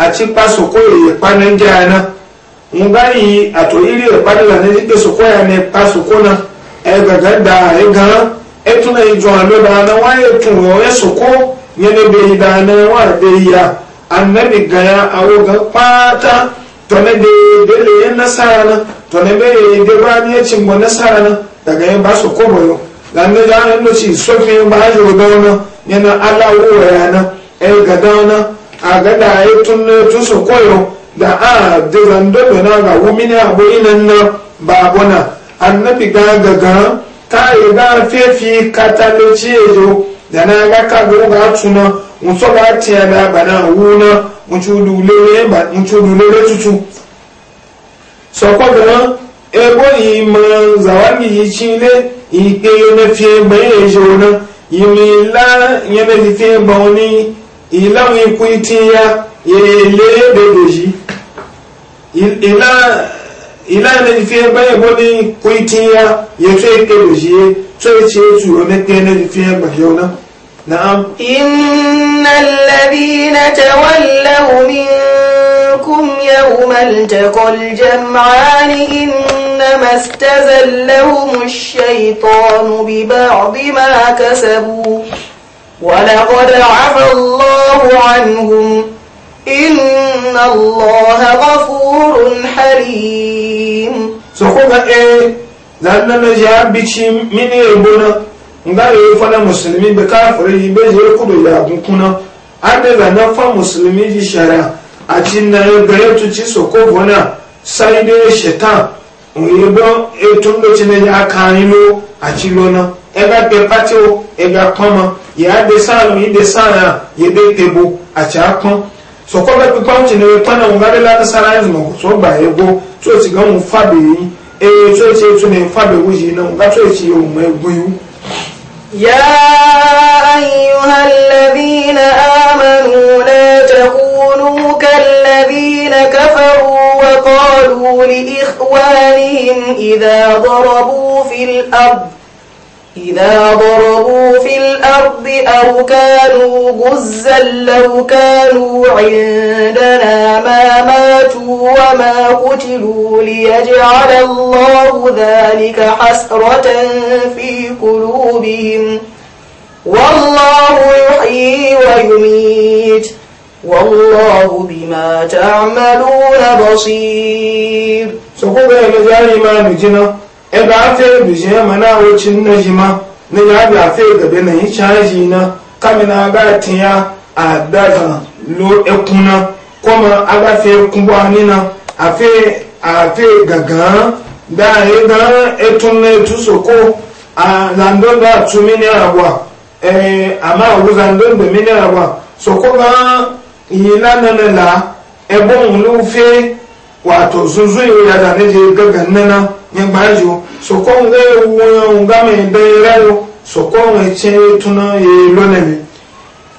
A: àti pa sòkò ìpanu ń jẹ àná ń báyìí àtò ilé ìpanu lànà ìgbé sòkò yà ní pa sòkò náà ẹgbẹ̀gbẹ̀ da ẹ̀gán ẹtún náà ìjọ àlọ́ dáná wọ́n yẹ tún wọ́n yẹ sòkò yẹn ní bẹ́ẹ̀ dáná wọ́n àbẹ́ yà anabi gaya àwọn gan pátá tọ́lẹ̀ délé yẹn nására náà tọ́lẹ̀ bẹ́ẹ̀ débá ní ẹ̀kí mọ́ nására náà dàgbà yẹn bá sòkò bọ̀ yọ lànà dáná ló ti sọ́fin bá yọ̀ dáná yẹn náà aláwọ̀ wẹ̀ yà ẹ̀ gàdá da ya tunne tun su koyo da a dizan dodo na ga wumini abu inan na babuna annabi gagaga ta yi ga fefi kataloci ejo da na ga kagoro ga tuna mutu ga tiya da bana wuna mutu dulere tutu sọkọ gan ebo yìí mọ zawani yìí tsinle ìgbé yẹn fi gbẹ yẹn ejo na yìí mi la yẹn fi fiye wọn ila wi ku tiya ele de doji ila ila ne fi ba ye boni ku tiya ye ke doji so che su ne ke ne fi ba yona na'am
C: innal ladina tawallaw minkum yawmal taqal jam'an innama istazallahum ash-shaytanu bi ba'd ma kasabu ولقد عفى الله عنهم إن الله غفور حليم سخوك
A: إيه لأن مجاب بيشيم من يبونا nga e fana musulmi bi kafiri be je kudu ya gunkuna an da na musulmi ji shara a cin na e e ya na tuci soko bona sai dai shetan òyìnbó ya ńlọtí ní akáyínló àti lọ́nà ẹgbẹ́ pẹ́ pátí ó ẹgbẹ́ ya de sanu yi de sana ye de tebo ati akun so ko be pipa nti ne pa na ngare la ta sara yanzu so ba ego so ti gan fa
C: be yi e so ti tu ne fa be wuji na nga so ti o mo egun yu يا أيها الذين آمنوا لا تكونوا كالذين كفروا وقالوا لإخوانهم إذا ضربوا fil abu. إذا ضربوا في الأرض أو كانوا غزا لو كانوا عندنا ما ماتوا وما قتلوا ليجعل الله ذلك حسرة في قلوبهم
B: والله
C: يحيي ويميت والله بما تعملون بصير سكوبة مجال ما جنة ebe afe bishe mana wucin na jima na ya
A: bi afe gabe na yi caji na kami na aga tiya a daga lo ekuna kuma aga fe kumbo nina afe afe gaga da ya e ga etun na etu soko a landon da tu mini agwa eh ama awu landon mini agwa soko ga yi nana la ebe onlu fe wato zunzun ya da ne je gaga nana ne bajo so ko nga ye wo nga me de rayo so ko nga che tuna ye lonemi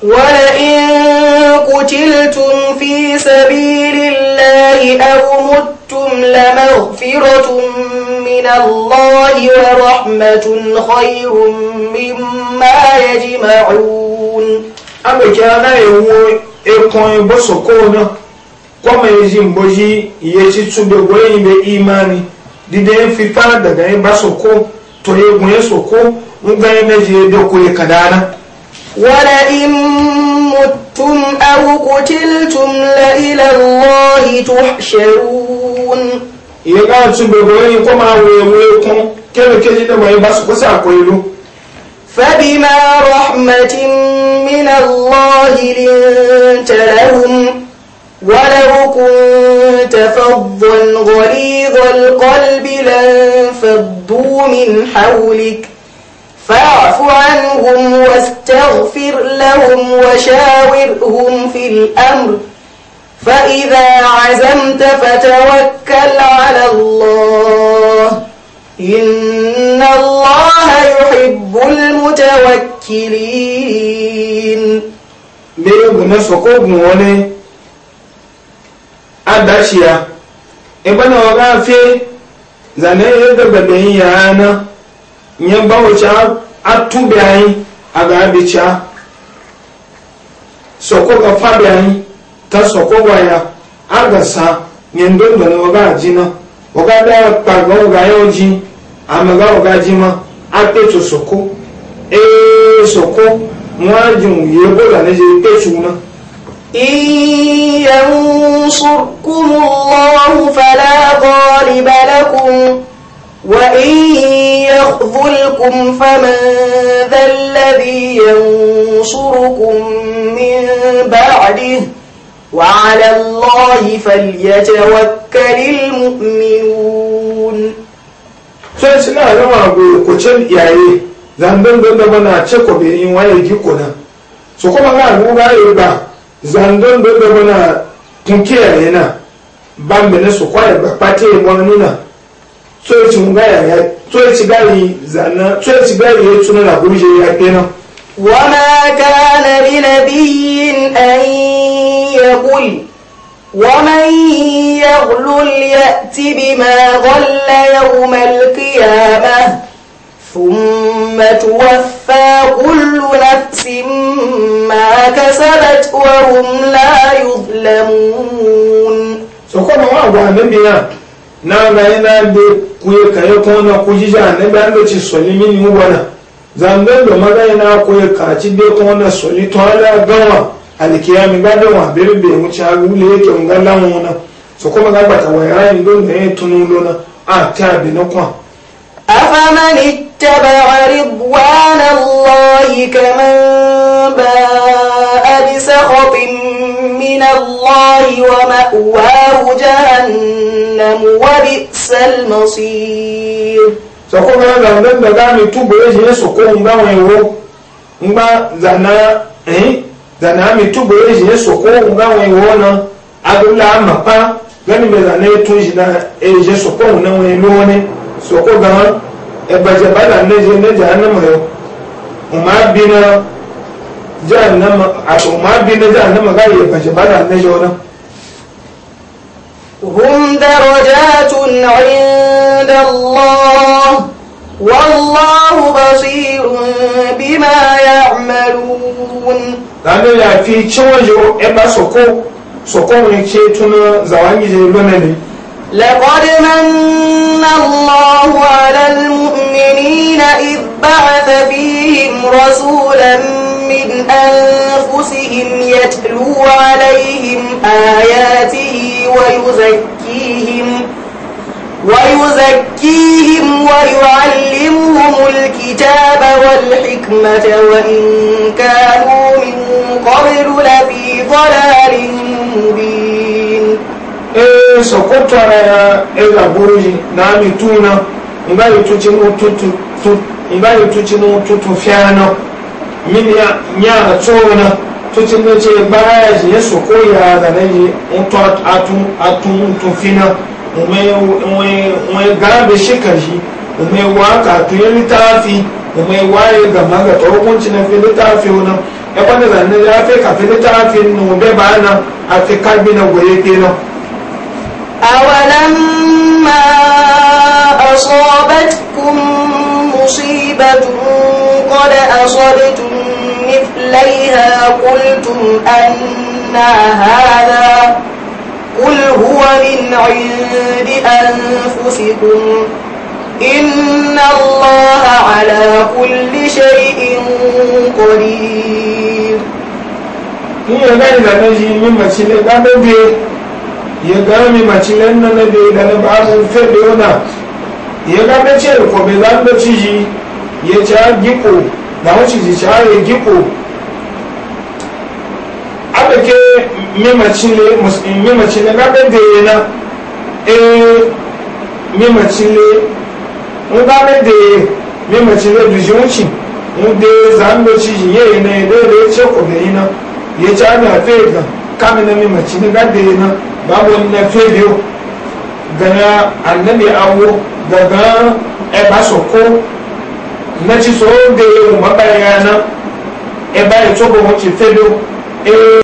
C: wala in qutiltum fi sabilillahi aw muttum la maghfiratun min Allahi wa rahmatun khayrun mimma yajma'un abe kana ye wo e kon
A: e boso ko na kɔma yi zi mbɔzi iye tsi tu be wo yi be imani dide fi para daga yi ba soko to ye gun ye soko nga yi ne zi do ko ye kadana.
C: wala in mutum aw kutiltum la ila allahi tuhsharun. iye ka tu be wo yi kɔma awo ye wo ye kun kebe keji de wo ye ba soko sa ko ye lu. فبما رحمة من الله لنت لهم ولو كنت فظا غليظ القلب لانفضوا من حولك فاعف عنهم واستغفر لهم وشاورهم في الأمر فإذا عزمت فتوكل على الله إن الله يحب المتوكلين ليه بنفسه قبنه
A: adashiya ibana waga fe zane ya gaba ya ana yana ya ba wace atube ayi a ga soko ga fabi ayi ta soko waya agasa ne ndondo na waga jina waga da kpagba waga yau ji amaga waga jima apetu soko ee soko mwajin yebo da na je petu na
C: ينصركم الله فلا غالب لكم وإن يخذلكم فمن ذا الذي ينصركم من بعده وعلى الله فليتوكل المؤمنون
A: sai suna rama goyi ku can iyaye zandon zandon na cikin waye gikunan su kuma ga ruwa ya yi ba zangon bebe mana tunke ya na ban bene su kwaya ba pate mo nina so ci mga ya ya so ci e gari zanna so ci e gari ya tuna na buje
C: ya kena wa ma kana bi nabiyyin an yaqul wa man yaghlul yati bima ghalla yawm al qiyamah ثم توفى كل نفس ما كسبت وهم لا يظلمون
A: سكون واغو انبيا na na yana da kuye kare kuma na kuji ji annabi an da ci soli mini wana zangon da maza yana kuye kaci da kuma na soli to ala gawa alkiyami ba da wa birbe wuce agule yake ngallan wana so kuma ga bata wayani don da ya tunu a ta bi na
C: اتبع رضوان الله كمن باء بسخط من الله ومأواه جهنم وبئس المصير sọkọ́ mẹ́rin náà lẹ́nu dàgbà mi túbọ̀ èyí yẹn
A: mi túbọ̀ èyí yẹn sọkọ́ ń gbà wọn ìwọ náà adúlá àmàpá gẹ́nìmẹ̀ zànà ètò ìyìn náà èyí yẹn sọkọ́ ń náà wọn ìlú ẹgbẹ̀jẹ̀ bàtà méje méje anamọ̀yọ ọmọ bínú jẹ́ anamọ̀ àti ọmọ bínú jẹ́ anamọ̀ káyọ̀
C: ẹgbẹ̀jẹ̀ هم درجات عند الله والله بصير بما يعملون
A: lánàá yà fi tí wọ́n yọ ẹgbà sọ̀kọ́ sọ̀kọ́ wọn ṣe tún
C: لقد من الله على المؤمنين إذ بعث فيهم رسولا من أنفسهم يتلو عليهم آياته ويزكيهم ويزكيهم ويعلمهم الكتاب والحكمة وإن كانوا من قبل لفي ضلال مبين
A: ee eh, sokotwara ya ega eh, buruji na yi imbayi tuchinu tutu imbayi tuchinu tutu fyano mini ya nyara tsona tuchinu che baraji ya sokoya da neji unto atu atu unto fina ume ume ume gabe shikaji ume ka tu ya lita litafi ume waye ga maga to hukunci na fi litafi na ya kwanda zanen ya fi kafin litafi nun be na a ka bi na goye ke na.
C: أولما أصابتكم مصيبة قد أصبتم مثليها قلتم أنا هذا قل هو من عند أنفسكم إن الله على كل شيء قدير. هي غير ما نجي من
A: مسجد ya gami mace na na bai da na ba sun fede wana ya gada ce ko bai za da ciji ya ci a giko da wacce ji ci a ya giko abu ke mimacin na gada da ya na e eh, mimacin le n gada da ya mimacin le duji wuce n da za da ciji ya yi na ya da ce ko bai yi na ya ci a da fe ga kamina mimacin na gada ya na babu na fedio gana annabi awo daga eba soko na ci so ga yi mu mabaya na eba ya tobo mu ci